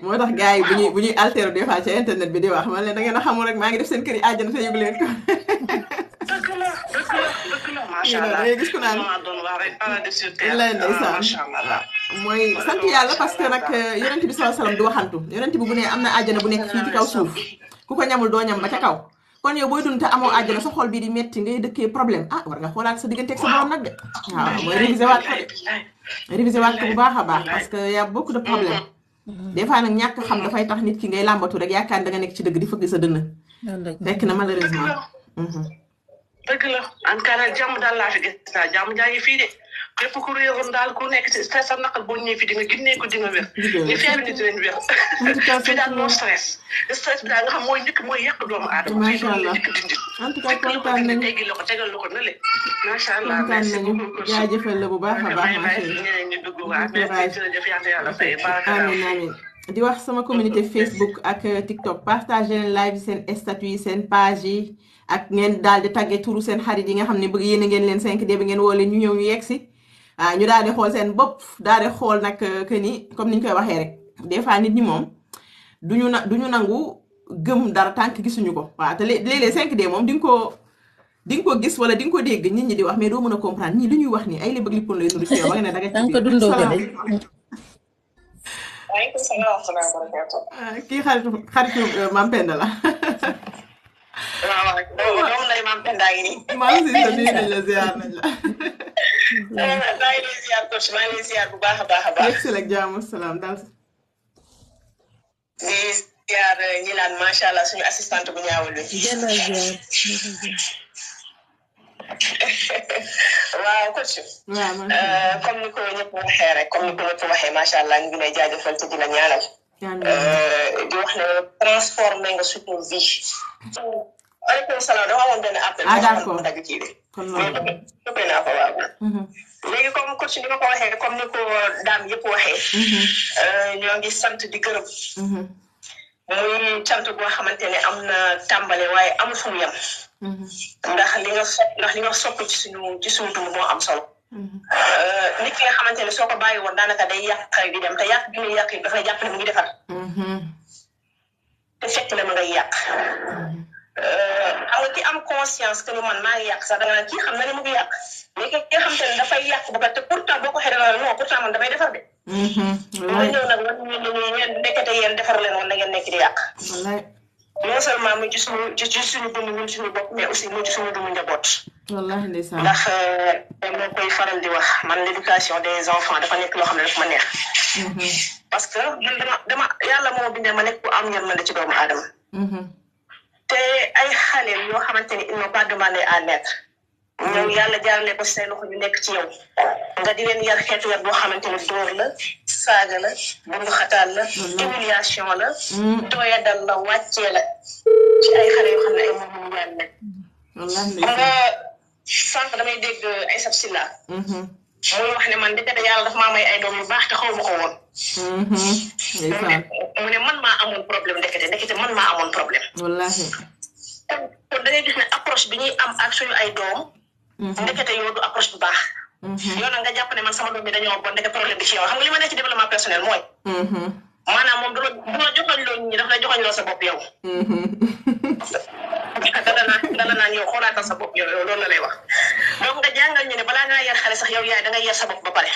moo tax gars yi bu ñuy bu ñuy altéro des fois ci internet bi di wax man leen da ngeen a xamul rek maa ngi def seen kër yi àjjana te yóbbu leen ko. dëgg la dëgg la dëgg la macha allah. gis nga gis nga naan doon wax rek paradis sur terre. Ah, macha allah mooy sant yàlla parce que nag euh, yonent bi sallallahu alayhi wasallam du waxantu bu ne am na àjjana bu nekk kaw suuf ku ko ñamul doo ñam ba ca kaw kon yow booy dund te amoo àjjana sa xol bii di metti ngay dëkkee problème ah war xoolaat sa diggante ak sa borom nag de waaw mooy réviser baax a baax parce que y a beaucoup de problèmes des fois nag ñàkk xam dafay tax nit ki ngay làmbatu rek yaakaar da nga nekk ci dëgg di fëgg sa dënn fekk na malheureusement képp ku réeroon daal ku nekk si sa naqar boo ñëwee fii di nga génnee ko di nga wér. ñu feebar ni dinañ wér. fii daal non stress. stress allah en tout cas ko na macha allah merci beaucoup jaajëfal la bu baax a baax. macha allah ñeneen ñi dugg di wax sama communauté Facebook ak euh, TikTok partagé leen live seen statut yi seen page yi ak ngeen daal di tàggee turu seen xarit yi nga xam ne bëgg yéen a ngeen leen 5D bi ngeen woo leen ñëw ñu yegg si Ah, ñu daal de xool seen bopp daal di xool nag euh, que ni comme niñ koy waxee rek des fois nit ñi moom duñu na duñu nangu gëm dara tànk gisuñu ko waa te léeg-léeg 5D moom di ko di nga ko gis wala di nga ko dégg nit ñi di wax mais doo mën a comprendre ñii lu ñuy wax nii ay li bëgg lippoon lay nuru ci yow ba nga ne danga ci dundoo ko ah, kii xaritu xaritu euh, Maam Penda la waaw waaw doomu ndey maam Penda ngi nii. maa si nuyu la ziar nañ la. maa bu baax a baax a baax. yegg si la jaamu salaam daal. di ziar ñi naan macha allah suñu assistante bu ñaawul bi. waaw coach. waaw comme ni ko ñëpp waxee rek comme ni ko ñëpp waxee macha allah ñu ngi lay jaajëfal te di la di wax ne transformé nga suñu vie. aleykum salaam dama amoon benn appel. ah d' accord dagg kii bi. ko waaw. léegi comme coach ni ma ko waxee comme ni ko daam yëpp waxee. ñoo ngi sant di gërëm. muy cant boo xamante ne am na eh, tàmbale waaye amul fu mu yem. ndax li nga ndax li nga sopp ci suñu ci suñu dund am mhm. solo. Euh, nit ki nga xamante ne soo ko bàyyi woon daanaka day yàq di dem ta yàq bi muy yàq yi dafay jàpp ne mu ngi defar. Mm-hmm. te fekk na ma ngay yàq. xam mm-hmm. nga euh, ki am conscience que man maa ngi naan kii xam na ne mu ngi yàq mais ki nga xamante ne dafay yàq ba pare te pourtant boo ko xëy na non pourtant man damay defar de. loolu mm-hmm. la ñëw nag man ñun defar leen woon na ngeen nekk di yàq. non seulement mu ci suñu ci suñu dund ñun suñu bopp mais aussi mu ci suñu dund njaboot. ndax euh, moo koy faral di wax man l' éducation des enfants dafa nekk loo xam ne dafa ma neex. Mm-hmm. parce que man dama dama yàlla moo bindee ma nekk bu am yërmande ci doomu aadama. Mm-hmm. te ay xale yoo xamante ni ils n'ont pas demandé à naître. ñoom mm-hmm. yàlla jaarale ko say loxo ñu nekk ci yow. nga di leen yar xeetu yar boo xamante ni dóor la. saaga la bunduxataal la mm-hmm. humiliation la dooya mm-hmm. dal la wàccee la ci ay xale yoo xam ne ay damay dégg ay sab silla muy ne man ndekete yàlla dafa ma may ay doom yu baax te xaw ma ko woon mm-hmm. ne man ma amoon problème ndekete ndekete man ma amoon problème wallaahi kon da approche bi ñuy am ak ay doom ndekete yoo approche bu baax Mm-hmm. yow nag nga jàpp ne man sama doom bi dañoo bon nekk problème bi ci yow xam nga li ma nekk ci développement personnel mooy. Mm-hmm. maanaam moom du la du la joxoñ loo nit ñi daf lay joxoñ loo sa bopp yow. Mm-hmm. dana naan dana naan yow xoolaatal sa bopp yow loolu la lay wax donc nga jàngal ñu ne balaa ngaa yar sax yow yaay da ngay yar sa bopp ba pare.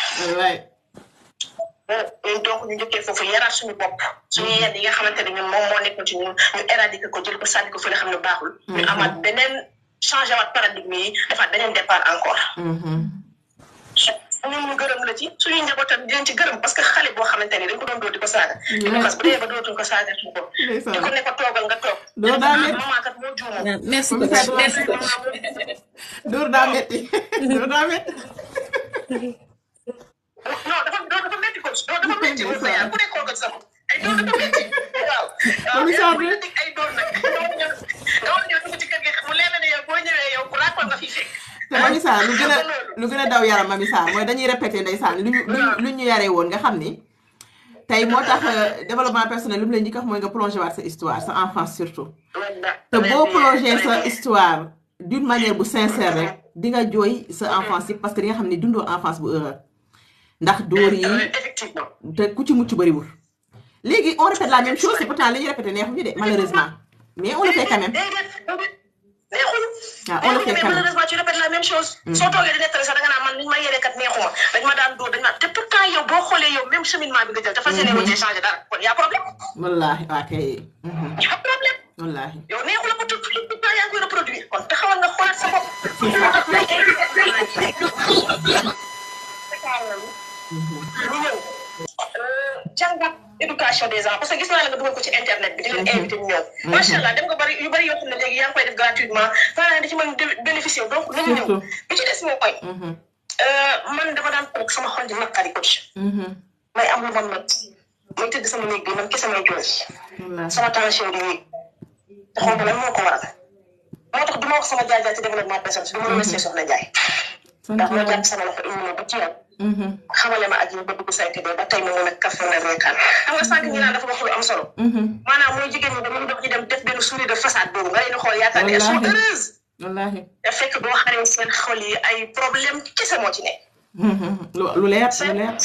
Euh, donc ñu njëkkee foofu yaraat suñu bopp suñu yenn yi nga xamante ne ñun moom moo nekkoon ci ñun ñu éradiquer ko jël ko sànni fële xam ne baaxul. ñu amaat beneen changé waat paradigme yi dafaat beneen départ ñun ñu gërëm la ci suñu njabootam di leen ci gërëm parce que xale boo xamante ni dañ ko doon dóor di ko saaga di ko xas bu dee ba dootuñ ko saaga suñ ko di ko ne ko toogal nga toog dóor daa metti maman kat moo juumoo merci merci dóor daa metti dóor daa metti non dafa dóor dafa metti ko dóor dafa metti ko yaa ku nekkoon ko sama ay dóor dafa metti waaw waaw ay dóor nag nga war ñëw dugg ci kër gi mu leen ne yow boo ñëwee yow ku laakoon nga fi fekk te Mamissa lu gën a lu gën a daw yaram Mamy Sarr mooy dañuy répété ndeysaan lu ñu lu ñu yaree woon nga xam ni tey moo tax euh, développement personnel lu mu leen njëkk a wax mooy nga plongé waat sa histoire sa enfance surtout te boo plongé sa histoire d'une manière bu sincère rek di nga jooy sa enfance yi parce que di xam ne dundoo enfance bu heureux ndax dóor yi te ku ci mucc bëriwul. léegi on répète la même chose et pourtant li ñu répété neexuñu de malheureusement mais on neexul. waaw ah, olof mais malheureusement tu répètes la même chose. Mm. soo toogee di nettali sax danga naa man ni ma yéree kat neexuma dañ ma daan dóor dañ ma te pourtant yow boo xoolee yow même cheminement bi nga jël. dafa séenee wu ñu changé dara kon y' a problème. wallaahi waa kay. Mm-hmm. y' a problème. wallaahi yow neexul ko tudd tout temps yaa ngi koy reproduire kon taxawal nga xoolaat sa bopp. ñu ñëw. Euh, jàngat éducation des enfants parce que gis naa la dugal ko ci internet bi di leen mhm. invité ñu ñëw mhm. macha allah dem nga bari yu bari ne léegi yaa ngi koy def gratuitement parents di ci mën bénéficier donc nañu ñëw mhm. euh, man dama daan toog sama xol nag naqari coach may am lu ma métti may tëdd sama néeg bi man kese sama tension di yéeg te moo ko waral moo tax du ma wax sama jaay jaay ci développement personnel du ma sama loxo indi ma ba ci Mm-hmm. xamale ma ak yow ba dugg sayti ba tey mu nekk kaf na reetaan xam nga sànq ñu naan dafa wax lu am solo mm-hmm. maanaam mooy jigéen ñi dañuy def benn souris de façade boobu nga leen xool yaakaar ne elles wallaahi te fekk boo xaree seen xol ay problème kese moo ci nekk mm-hmm. lu leer lu leer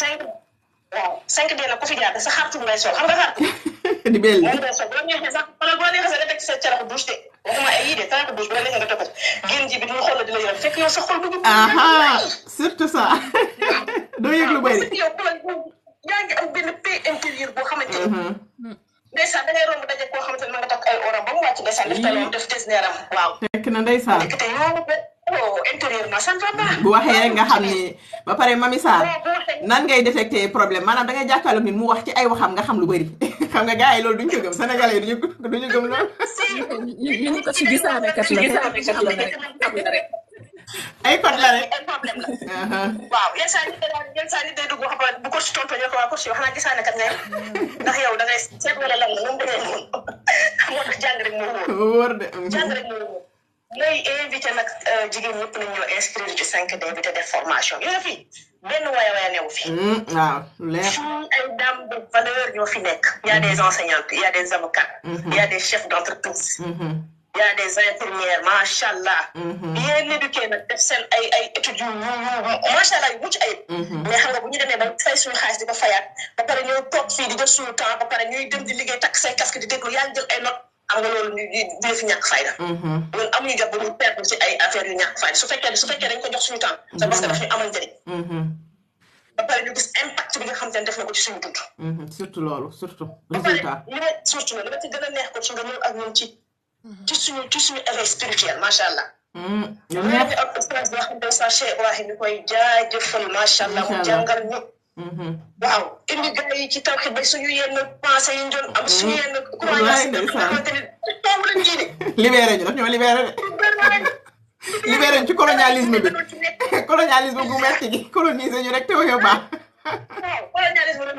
waaw cinq bi nag ku fi jaar sa xartu ngay sol xam nga xartu. di bel moom ngay sol boo neexee sax wala boo neexee sax nga teg sa carax douche de waxuma ay yii de carax douche boo neexee nga toppatoo génn ji bi duñu xool la di la yoram fekk yow sa xol bu ñu. surtout ça doo yëg lu bëri. yow ku la yaa ngi am benn paix intérieure boo xamante ni. Mhm. ndeysaan da ngay romb daje koo xamante ne ma nga takk ay oram ba mu wàcc ndeysaan def talon def des neeram waaw. fekk na ndeysaan. oh intérieurement sant naa. bu waxee rek nga xam ni ba pare Mamy Sarr nan ngay détecté problème maanaam da ngay jàkkaarloog nit nga xam lu bëri loolu duñ ko gëm sénégalais yi duñu duñu gëm lool. ñu ñu ko ci gisaane kat la rek ay code la uh-huh. waaw yenn saa yi yenn saa yi day dugg ko si tontu ko waa ko si wax naa gisaane kat ngay mm. ndax yow da ngay wala la nu mu demee noonu xam nga de ngay invité nag euh, jigéen ñëpp nañ ñoo inscrire ci 5D bi te def formation yooyu fii benn waay waay newu fi. Hmm, waaw ay dame de valeur ñoo fi nekk. y a des hmm. enseignantes y a des avocats. Hmm. y des chefs d'entreprise. y a des infirmières macha allah. yéen éduqué nag def seen ay ay études yu yu yu macha allah yu mucc ayib. mais xam nga bu ñu demee ba fay suñu xaalis di ko fayaat ba pare ñoo toog fii di jël suñu temps ba pare ñuy dem di liggéey takk say casque di déglu yaa jël ay notes. xam nga loolu ñu def ñàkk fayda. Mm-hmm. ñun amuñu jot ba ñu perte ay affaire yu ñàkk fayda su fekkee su fekkee dañ ko jox suñu temps. c'est mm-hmm. parce daf ñu amal njëriñ. Mm-hmm. ba pare ñu nga xam te ne def na ko ci suñu dund. surtout loolu surtout résultat. ba pare surtout nag la ci gën a neex ko ci nga ci. ci ci suñu éveil spirituel macha allah. ñu ngi ak oustaz bi nga xam ne saa Cheikh Ibrahim ñu koy jaajëfal macha allah Mm-hmm. waaw indi gars yi ci tawxit ba suñu yenn pensée yi ñu doon am suñu mm-hmm. ñu daf ñoo libéré de ci colonialisme bi colonialisme bu metti gi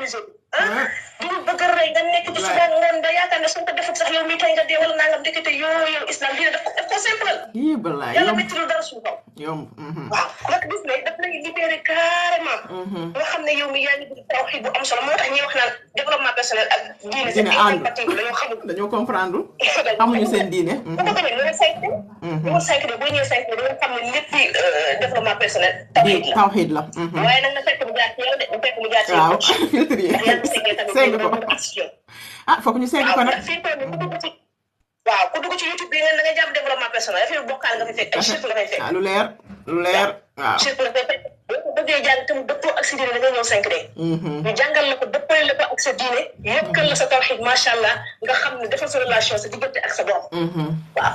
baax Ah, mu bëgg a rey nga nekk ci Soudan ngoon da yaakaar ne suñ ko defut sax yow mii tey nga dee wala nangam dikkite yoo yow islam dina daf ko daf ko simple. yii balaa yomb yàlla méttiwul dara suñu kaw. yomb. Mhm. waaw nag gis nga daf lay libéré carrément. Mhm. nga xam ne yow mii yaa ngi dugg tawxiid bu am solo moo tax ñuy wax naan développement personnel ak. diine seen ànd dañoo xamul. dañoo comprendre amuñu seen diine. bu ko defee loolu cinq de. loolu mhm. cinq de boo ñëwee cinq xam ne lépp euh, développement personnel. mu jaar ci yow de mu mu jaar ci yow. ségg ko ah foog ñu ségg ko nag. waaw ku dugg ci YouTube bi da ngay jàpp développement personnel dafay bokkaal nga fi fekk ay chiffres nga fi fekk. Ah, lu leer lu leer waaw. chiffres nga fekk boo ko bëggee da ngay mhm. ko dëppale ak sa diine yëkkal la sa tawxiid macha allah nga xam ne defal sa relation sa diggante ak sa borom. Mhm. waaw.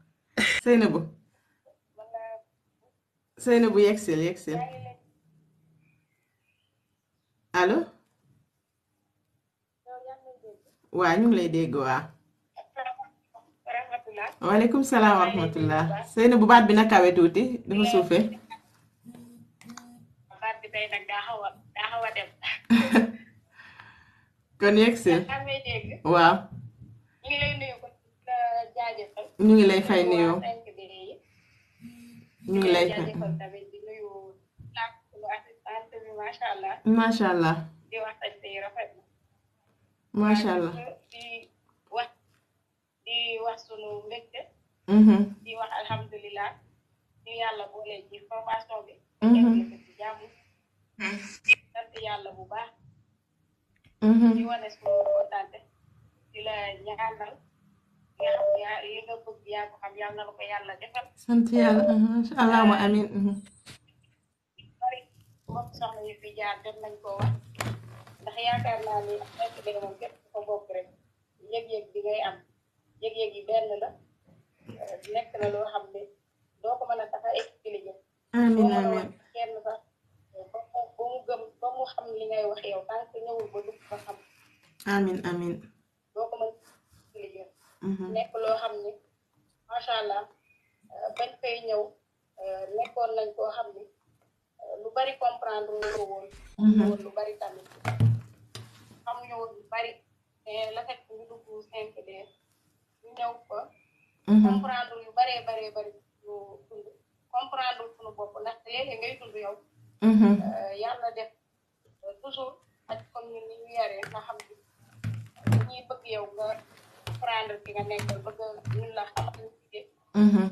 Seynabou bu yegsil yegsil allo waa ñu ngi lay dégg waa waaleykum salaam wa rahmatullah Seynabou baat bi na kawe tuuti dafa suufe kon yegsil waaw ñu ngi lay fay nuyoo ñu ngi lay fay macha allah macha allah. di wax sunu mbégte. Mm-hmm. di yàlla boole mm-hmm. yàlla bu baax. Mm-hmm. yaa li nga bëgg yaa ko yàlla na la ko yi nañ koo wax ndax benn la nekk na loo xam ne doo ko mën a tax a nekk loo xam ni macha allah euh, bañ fay ñëw euh, nekkoon nañ koo xam euh, bari comprendre lu ko woon. bari tamit xam ñu woon lu bari mais la fekk ñu dugg 5D ñu ñëw comprendre yu baree baree bari ñu dund comprendre suñu bopp ndaxte léeg-léeg ngay dund yow. yàlla def toujours ak comme ni ñu yaree nga xam ni ñuy yow nga. comprendre la mhm. mhm.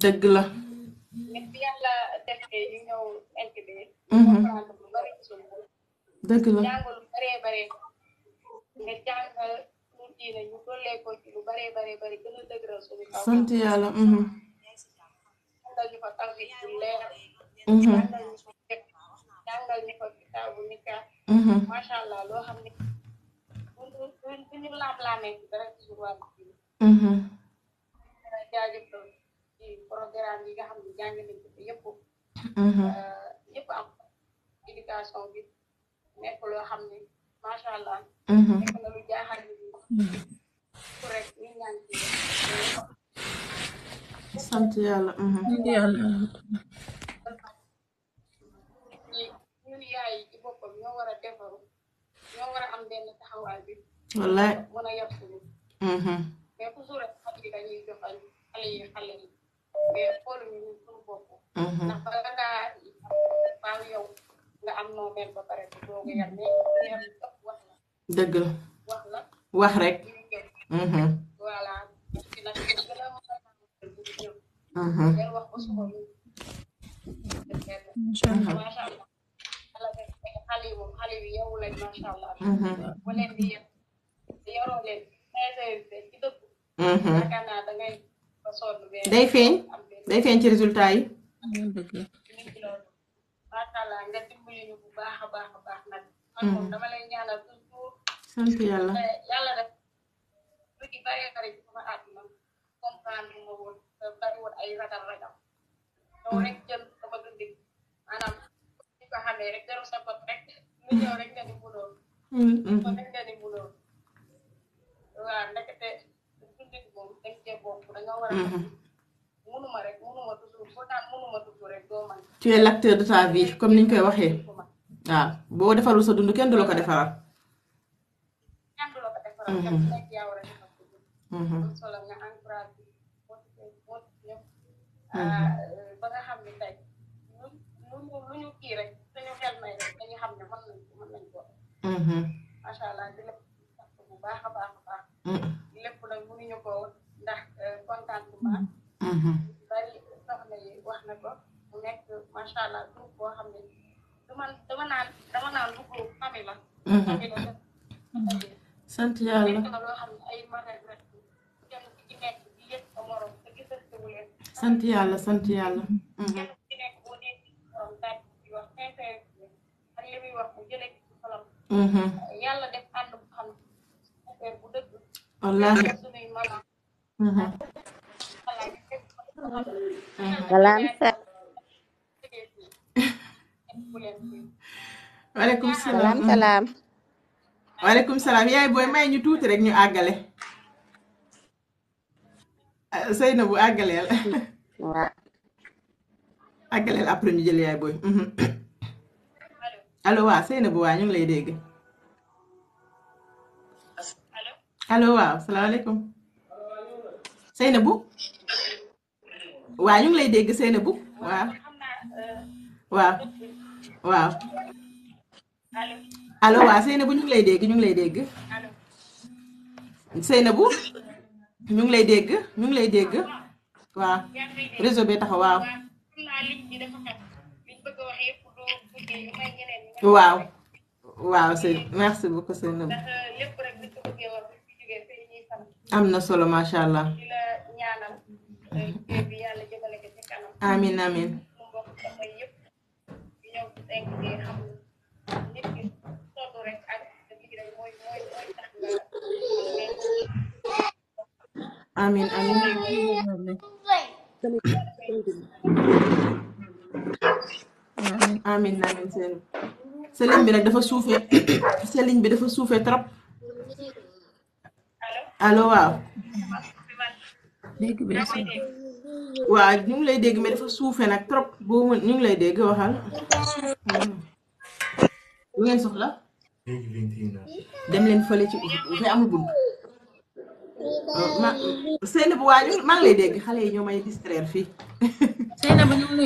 dëgg la. mais mhm. lu bari dëgg la jàngal lu baree jàngal ñu ko kitaabu nikah. Mm-hmm. macha allah loo xam ne bu bu bu ñu laam-laamee ci dara ci suñu wàllu jiw. Mm-hmm. dina jaajëfal ci programme yi nga xam ne jàng nañ ko fi yëpp. Mm-hmm. Euh, yëpp am éducation bi nekk loo xam ne macha allah. nekk na lu jaaxal nit ñi. rek ñu ñaan ci sant yàlla. sant yàlla. yaay yi ci boppam ñoo war a defaru ñoo wax rek. Mm-hmm. voilà. incha mm-hmm. mm-hmm. allah. xale yi moom xale mm-hmm. yi mm-hmm. da day feeñ day feeñ ci résultat yi. macha allah bu baax a baax a baax ko xamee rek sa bopp rek de ta vie comme niñ koy waxe waaw boo defarul sa dund kenn du ko defaral kenn defar ko dund solo xel may rek mm-hmm. allah di lépp sant bu baax a baax a baax mm-hmm. lépp nag mënuñu ko ndax contentement euh, mm-hmm. la famille li muy wax bu jëlee ci xolam. Mhm. yàlla def ànd bu xam bu feer bu dëgg. wallaahi suñuy maam. Mhm. waaleykum salaam salaam. waaleykum salaam yaay booy may ñu tuuti rek ñu àggale. sëy na bu àggaleel. waaw àggaleel après ñu jël yaay booy. Mhm. allo waaw Seynabou waaw ñu ngi lay dégg. allo allo waaw salaamaaleykum. Seynabou. waaw ñu lay dégg Seynabou waaw. waaw waaw. allo waaw Seynabou ñu ngi lay dégg ñu lay dégg. Seynabou ñu ngi lay dégg ñu ngi lay dégg waaw réseau bi taxaw waaw waaw sëñ merci beaucoup sëñ euh, am na solo macha allah euh, amin amin amin amin amin amin seen sa bi nag dafa suufee sa bi dafa suufee trop allo waaw. dégg waaw lay dégg mais dafa suufee nag trop boo mën ñu ngi lay dégg waxal. lu soxla. dem leen fële ci ubbi amul bunt. ma Seynabou waajul maa ngi lay dégg xale yi ñoo may distraire fii. Seynabou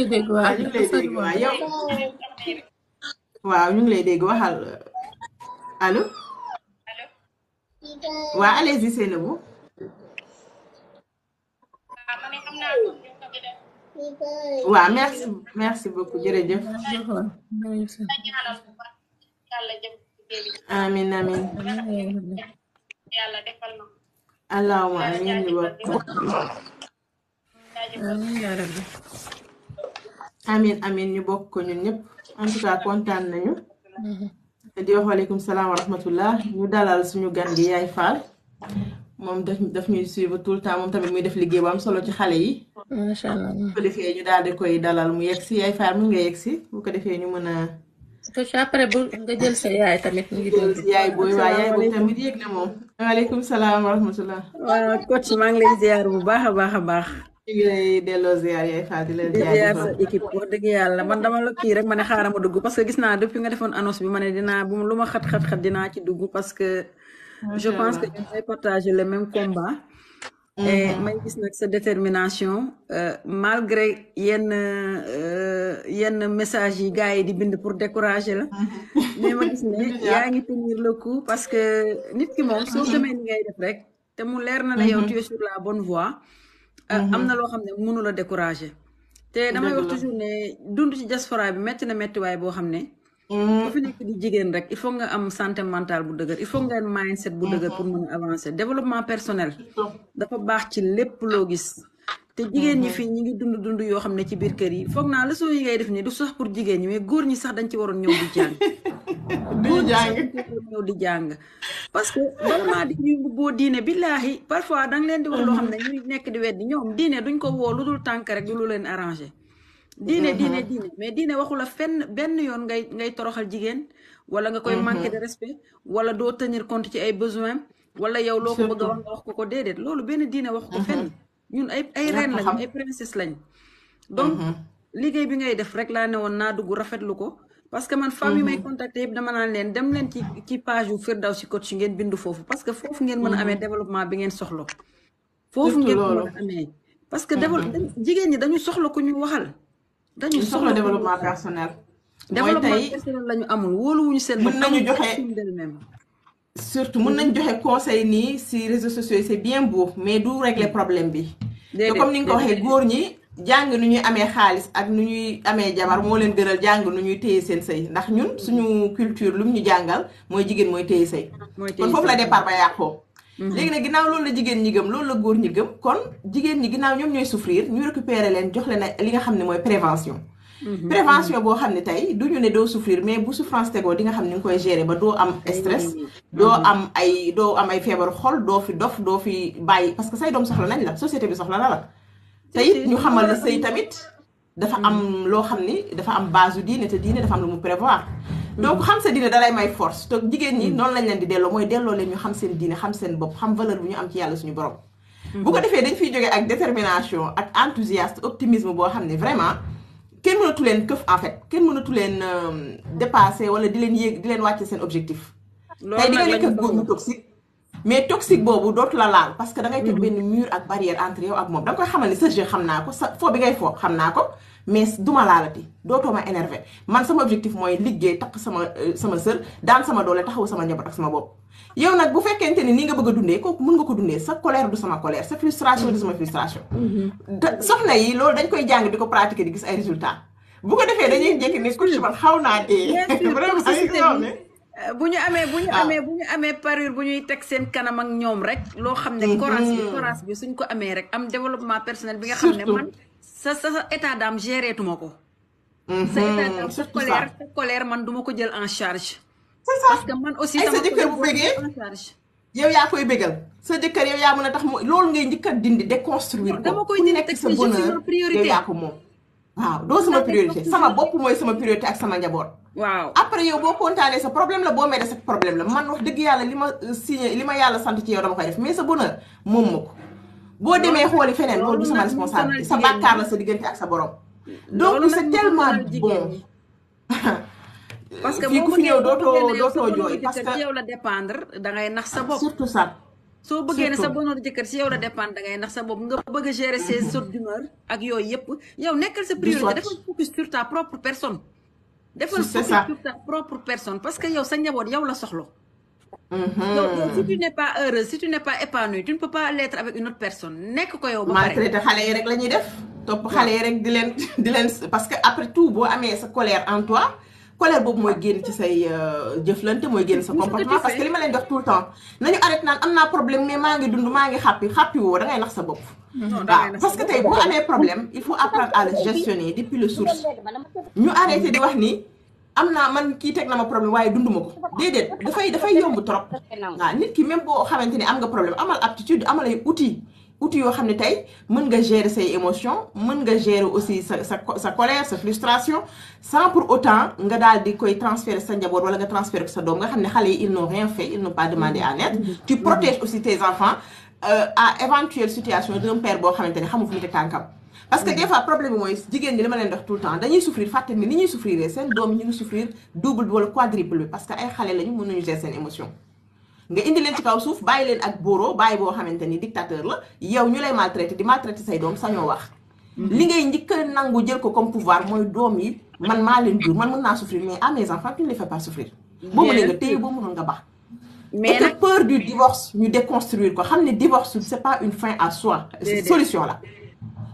waaw ñu ngi lay dégg waxal allo waaw allez-y Seynabou waaw merci merci beaucoup jërëjëf amin amin amin amin amin ñu bokk ko en tout cas kontaan nañu. Mhm. di wax waaleykum salaam wa rahmatullah ñu dalal suñu gan gi Yaay Fall moom daf daf ñuy suivre tout le temps moom tamit muy def liggéey bu am solo ci xale yi. macha allah bu ko defee ñu daal di koy dalal mu yegg si Yaay Fall mu nga yegg si bu ko defee ñu mën a. coach nga jël sa yaay tamit. mu yaay booy waaye yaay booy tamit yëg na moom. waaleykum salaam wa rahmatullah. waaw coach maa ngi lay ziar bu baax a baax a baax. ñu ngi lay delloo ziar yaay Fatou di leen ziar sa équipe wax dëgg yàlla man dama la kii rek ma ne xaaral ma dugg parce que gis naa depuis nga defoon annonce bi ma ne dinaa bu xat xat xat dinaa ci dugg parce que. je pense que ñun ñooy le même combat. Mm-hmm. et may gis nag sa détermination euh, malgré yenn euh, yenn message yi gars yi di bind pour décourager la. Mm-hmm. mais ma gis ne yaa ngi tenir le coup parce que nit ki moom soo demee ngay def rek te mu leer na la yow mm-hmm. tu sur la bonne Euh, am mhm. na loo xam ne mënu la décourager te damay toujours ne dund ci diaspora bi métti na métti waay boo xam ne bu mhm. fi nekk di jigéen rek il faut nga am santé mentale bu dëgër il faut nga am set bu dëgër mhm. pour mën a développement personnel dafa baax ci lépp loo gis te jigéen ñi fii ñi ngi dund dund yoo xam ne ci biir kër yi foog naa leçon yi ngay def nii du sax pour jigéen ñi mais góor ñi sax dañ ci waroon ñëw di jàng. góor ñi sax dañ ci di jàng. parce que vraiment di ñu boo diine billaahi parfois danga leen di wax loo xam ne ñu nekk di weddi ñoom diine duñ ko woo lu dul tànk rek du lu leen arrangé. diine diine diine mais diine waxu la fenn benn yoon ngay ngay toroxal jigéen. wala nga koy manqué de respect. wala doo tenir compte ci ay besoin wala yow loo ko wax ko ko déedéet loolu benn diine waxu ko fenn. ñun ay ay reen lañ ay princesse lañ donc mhm. liggéey bi ngay def rek laa ne woon naa dugg rafetlu ko parce que man femme yi mhm. may contacter yëpp dama naan leen dem leen ci ci page yu Firdawsi Coach ngeen bindu foofu parce que foofu ngeen mën a amee mhm. développement bi ngeen soxla foofu ngeen mën a amee parce que développement jigéen ñi dañu soxla ku ñu waxal dañu soxla développement personnel développement personnel la ñu amul wóoluwuñu seen bopp mën nañu joxe surtout mun nañ joxe conseil nii si réseau sociaux yi c'est bien beau mais du régler problème bi. déedéet comme ni nga waxee góor ñi. jàng nu ñuy amee xaalis ak nu ñuy amee jabar moo leen gënal jàng nu ñuy téye seen sëy ndax ñun suñu culture lu mu ñu jàngal mooy jigéen mooy téye sëy. kon foofu la départ ba mhm. léegi nag ginnaaw loolu la jigéen ñi gëm loolu la góor ñi gëm kon jigéen ñi ginnaaw ñoom ñooy souffrir ñu récupérer leen jox leen li nga xam ne mooy prévention. Mhm. prévention boo xam ne tey du ñu ne doo souffrir mais bu souffrance tegoo di nga xam ni nga koy gérer ba doo am stress mhm. doo mhm. am ay doo am ay feebar xol doo fi dof doo fi bàyyi parce que say doom soxla nañ la société bi soxla na la te it ñu xamal ne sëy tamit dafa am loo xam ni dafa am base yu diine te diine dafa am lu mu prévoir donc xam sa diine dalay may force te jigéen ñi noonu lañ leen di delloo mooy delloo leen ñu xam seen diine xam seen bopp xam valeur bu ñu am suñu borom bu ko defee dañ fiy jógee ak détermination ak enthousiasme optimisme boo xam ne vraiment kenn mënatu leen këf en fait kenn mënatu leen euh, dépasser wala di leen yéeg di leen wàcce seen objectif. loolu tey di nga nekk góor ñu toxique. mais toxique mm. boobu dootula laal parce que da ngay teg mm-hmm. benn mur ak barrière entre yow ak moom da nga koy xamal ni sa jeu xam naa ko sa foo bi ngay foo xam naa ko mais duma laalati dootoo ma énervé man sama objectif mooy liggéey takk sama euh, sama sër daal sama doole taxawu sama njaboot ak sama bopp. yow nag bu fekkente ni ni nga bëgg dundee kooku mën nga ko dundee sa colère du sama colère sa frustration du sama frustration. Mhm. da soxna yi loolu dañ koy jàng di ko pratiquer di gis ay résultats bu ko defee dañuy njëkk ne couche man xaw naa dee. bu ñu amee bu ñu ah. amee bu amee parure bu ñuy teg seen kanam ak ñoom rek loo xam ne mhm. courage bi courage bi suñ ko amee rek am développement personnel bi nga xam ne man sa sa sa état d'âme géreetuma ko mhm. sa état d'âme sa man duma ko jël en charge c'est ça parce que ay sa jëkkër bu bëggee yow yaa koy bëggal sa jëkkër yow yaa mën a tax mu loolu ngay njëkk a dindi déconstruire ko dama koy dindi teg sa bonheur yow yaa ko moom waaw doo sama priorité sama bopp mooy sama priorité ak sama njaboot waaw après yow boo kontaanee sa problème la boo meedee sa problème la man wax dëgg yàlla li ma euh, signé ma yàlla sant ci yow koy def mais sa bonheur moom ma ko boo demee xooli feneen loolu du sama responsabilité sa bàkkaar la sa diggante ak sa borom donc c'est tellement bon parce que ku fi ñëw dootoo dootoo jooy parce que yow la dépendre da ngay nax sa bopp surtout ça soo bëggee ne sa bonheur jëkkër si yow la dépendre da ngay nax sa bopp nga bëgg a gérer ses sautes d'humeur ak yooyu yëpp yow nekkal sa priorité defal focus sur ta propre personne defal focus sur ta propre personne parce que yow sa njaboot yow la soxlo mm-hmm. donc si tu n'es pas heureuse si tu n'es pas épanouie tu ne peux pas l'être avec une autre personne nekk ko yow ba pare maltraité xale yi rek la ñuy def topp xale yi rek di leen di leen parce que après tout boo amee sa colère en toi colère boobu mooy génn ci say euh, jëflante mooy génn sa comportement parce que li ma leen jox tout le temps nañu arrêté naan am naa problème maa ngi dund maa ngi xàppi xàppi woo da nax sa bopp waaw parce que tey boo amee problème il faut apprendre à le gestionner depuis le source ñu arrêté di wax ni am naa man kii teg na ma problème waaye dund ma ko déedéet dafay dafay yomb trop waaw nit ki même boo xamante ni am nga problème amal aptitude amalay outil outil yoo xam ne tey mën nga gérer say émotions mën nga gérer aussi sa sa sa colère sa frustration sans pour autant nga daal di koy transférer sa njaboot wala nga transférer ko sa doom nga xam ne xale yi ils n'ont rien fait ils n'ont pas mm-hmm. euh, boo xamante ne xamu fu mu teg tànkam parce que mm-hmm. des fois problème bi mooy jigéen ñi li ma leen dox tout temps dañuy souffrir fàtte ni ni ñuy souffrir seen doom ñu ngi souffrir double bi wala quadruple bi parce que ay xale lañu nga indi leen ci kaw suuf bàyyi leen ak boro bàyyi boo xamante ni dictateur la yow ñu lay maltraité di maltraité say doom sañoo wax. Mhm. li ngay njëkk a nangu jël ko comme pouvoir mooy doom yi man maa leen jur man mën naa souffrir mais à mes enfants tu ne les fais pas souffrir. boo mënee nga téye boo mënoon nga baax. mais nag peur du divorce ñu déconstruire ko xam ne divorce c'est pas une fin à soi. solution la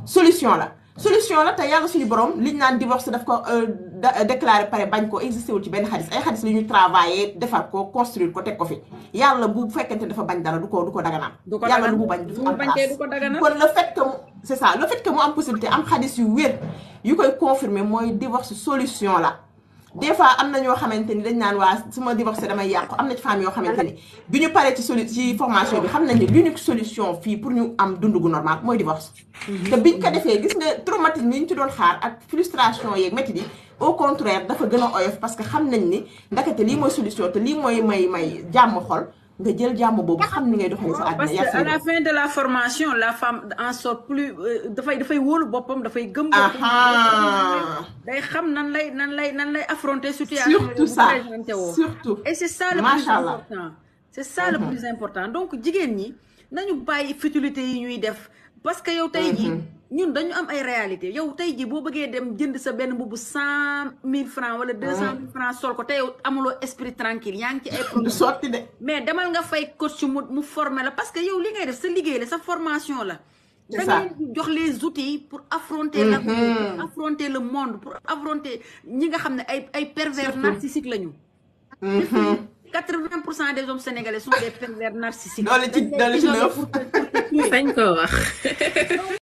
solution la. solution la te yàlla suñu borom liñ naan divorce daf ko euh, euh, déclaré pare bañ ko existé wul ci benn xadis ay xadis la ñuy travailler defar ko construire ko teg ko fi yàlla bu fekkente dafa bañ dara du ko du ko daganaam yàlla lu mu bañ du am place kon le fait que c'est ça le fait que am possibilité am xadis yu wér yu koy confirmer mooy divorce solution la des fois am na ñoo xamante ni dañ naan waa su ma divorcé damay yàqu am na ci femmes yoo xamante ni bi ñu paree ci solu ci formation bi xam nañ ne l'unique solution fii pour ñu am dund gu normal mooy divorce. Mhm. te biñ ko defee gis nga traumatisme yi ñu ci doon xaar ak frustration yeeg métti yi au contraire dafa gën a oyof parce que xam nañ ni ndakate lii mooy solution te lii mooy may may jàmm xol. nga jël jàmm boobu xam ni ngay doxalee sa àddina parce que à la fin de la formation la femme en sort plus euh, dafay dafay woolu boppam dafay gëm boppam ah ah. day xam nan lay nan lay nan lay affronter situation surtout ça surtout et c'est ça le plus important c'est ça le mm-hmm. plus important donc jigéen ñi nañu bàyyi futilité yi ñuy def parce que yow tey jii mhm. ñun dañu am ay réalité yow tey jii boo bëggee dem jënd sa benn mbubb cent mille francs wala deux cent mille francs sol ko te yow amuloo esprit tranquille yaa ngi ci ay problème sotti de mais demal nga fay coach mu mu former la parce que yow li ngay def sa liggéey la sa formation la da ngeen jox les outils pour affronter la mhm. le monde pour affronter ñi nga xam ne ay ay pervers narcissique la ñu mhm. 80 pour cent des hommes sénégalais sont des pervers narcissiques. dañ leen di jox pour pour pour pour. sañ ko wax.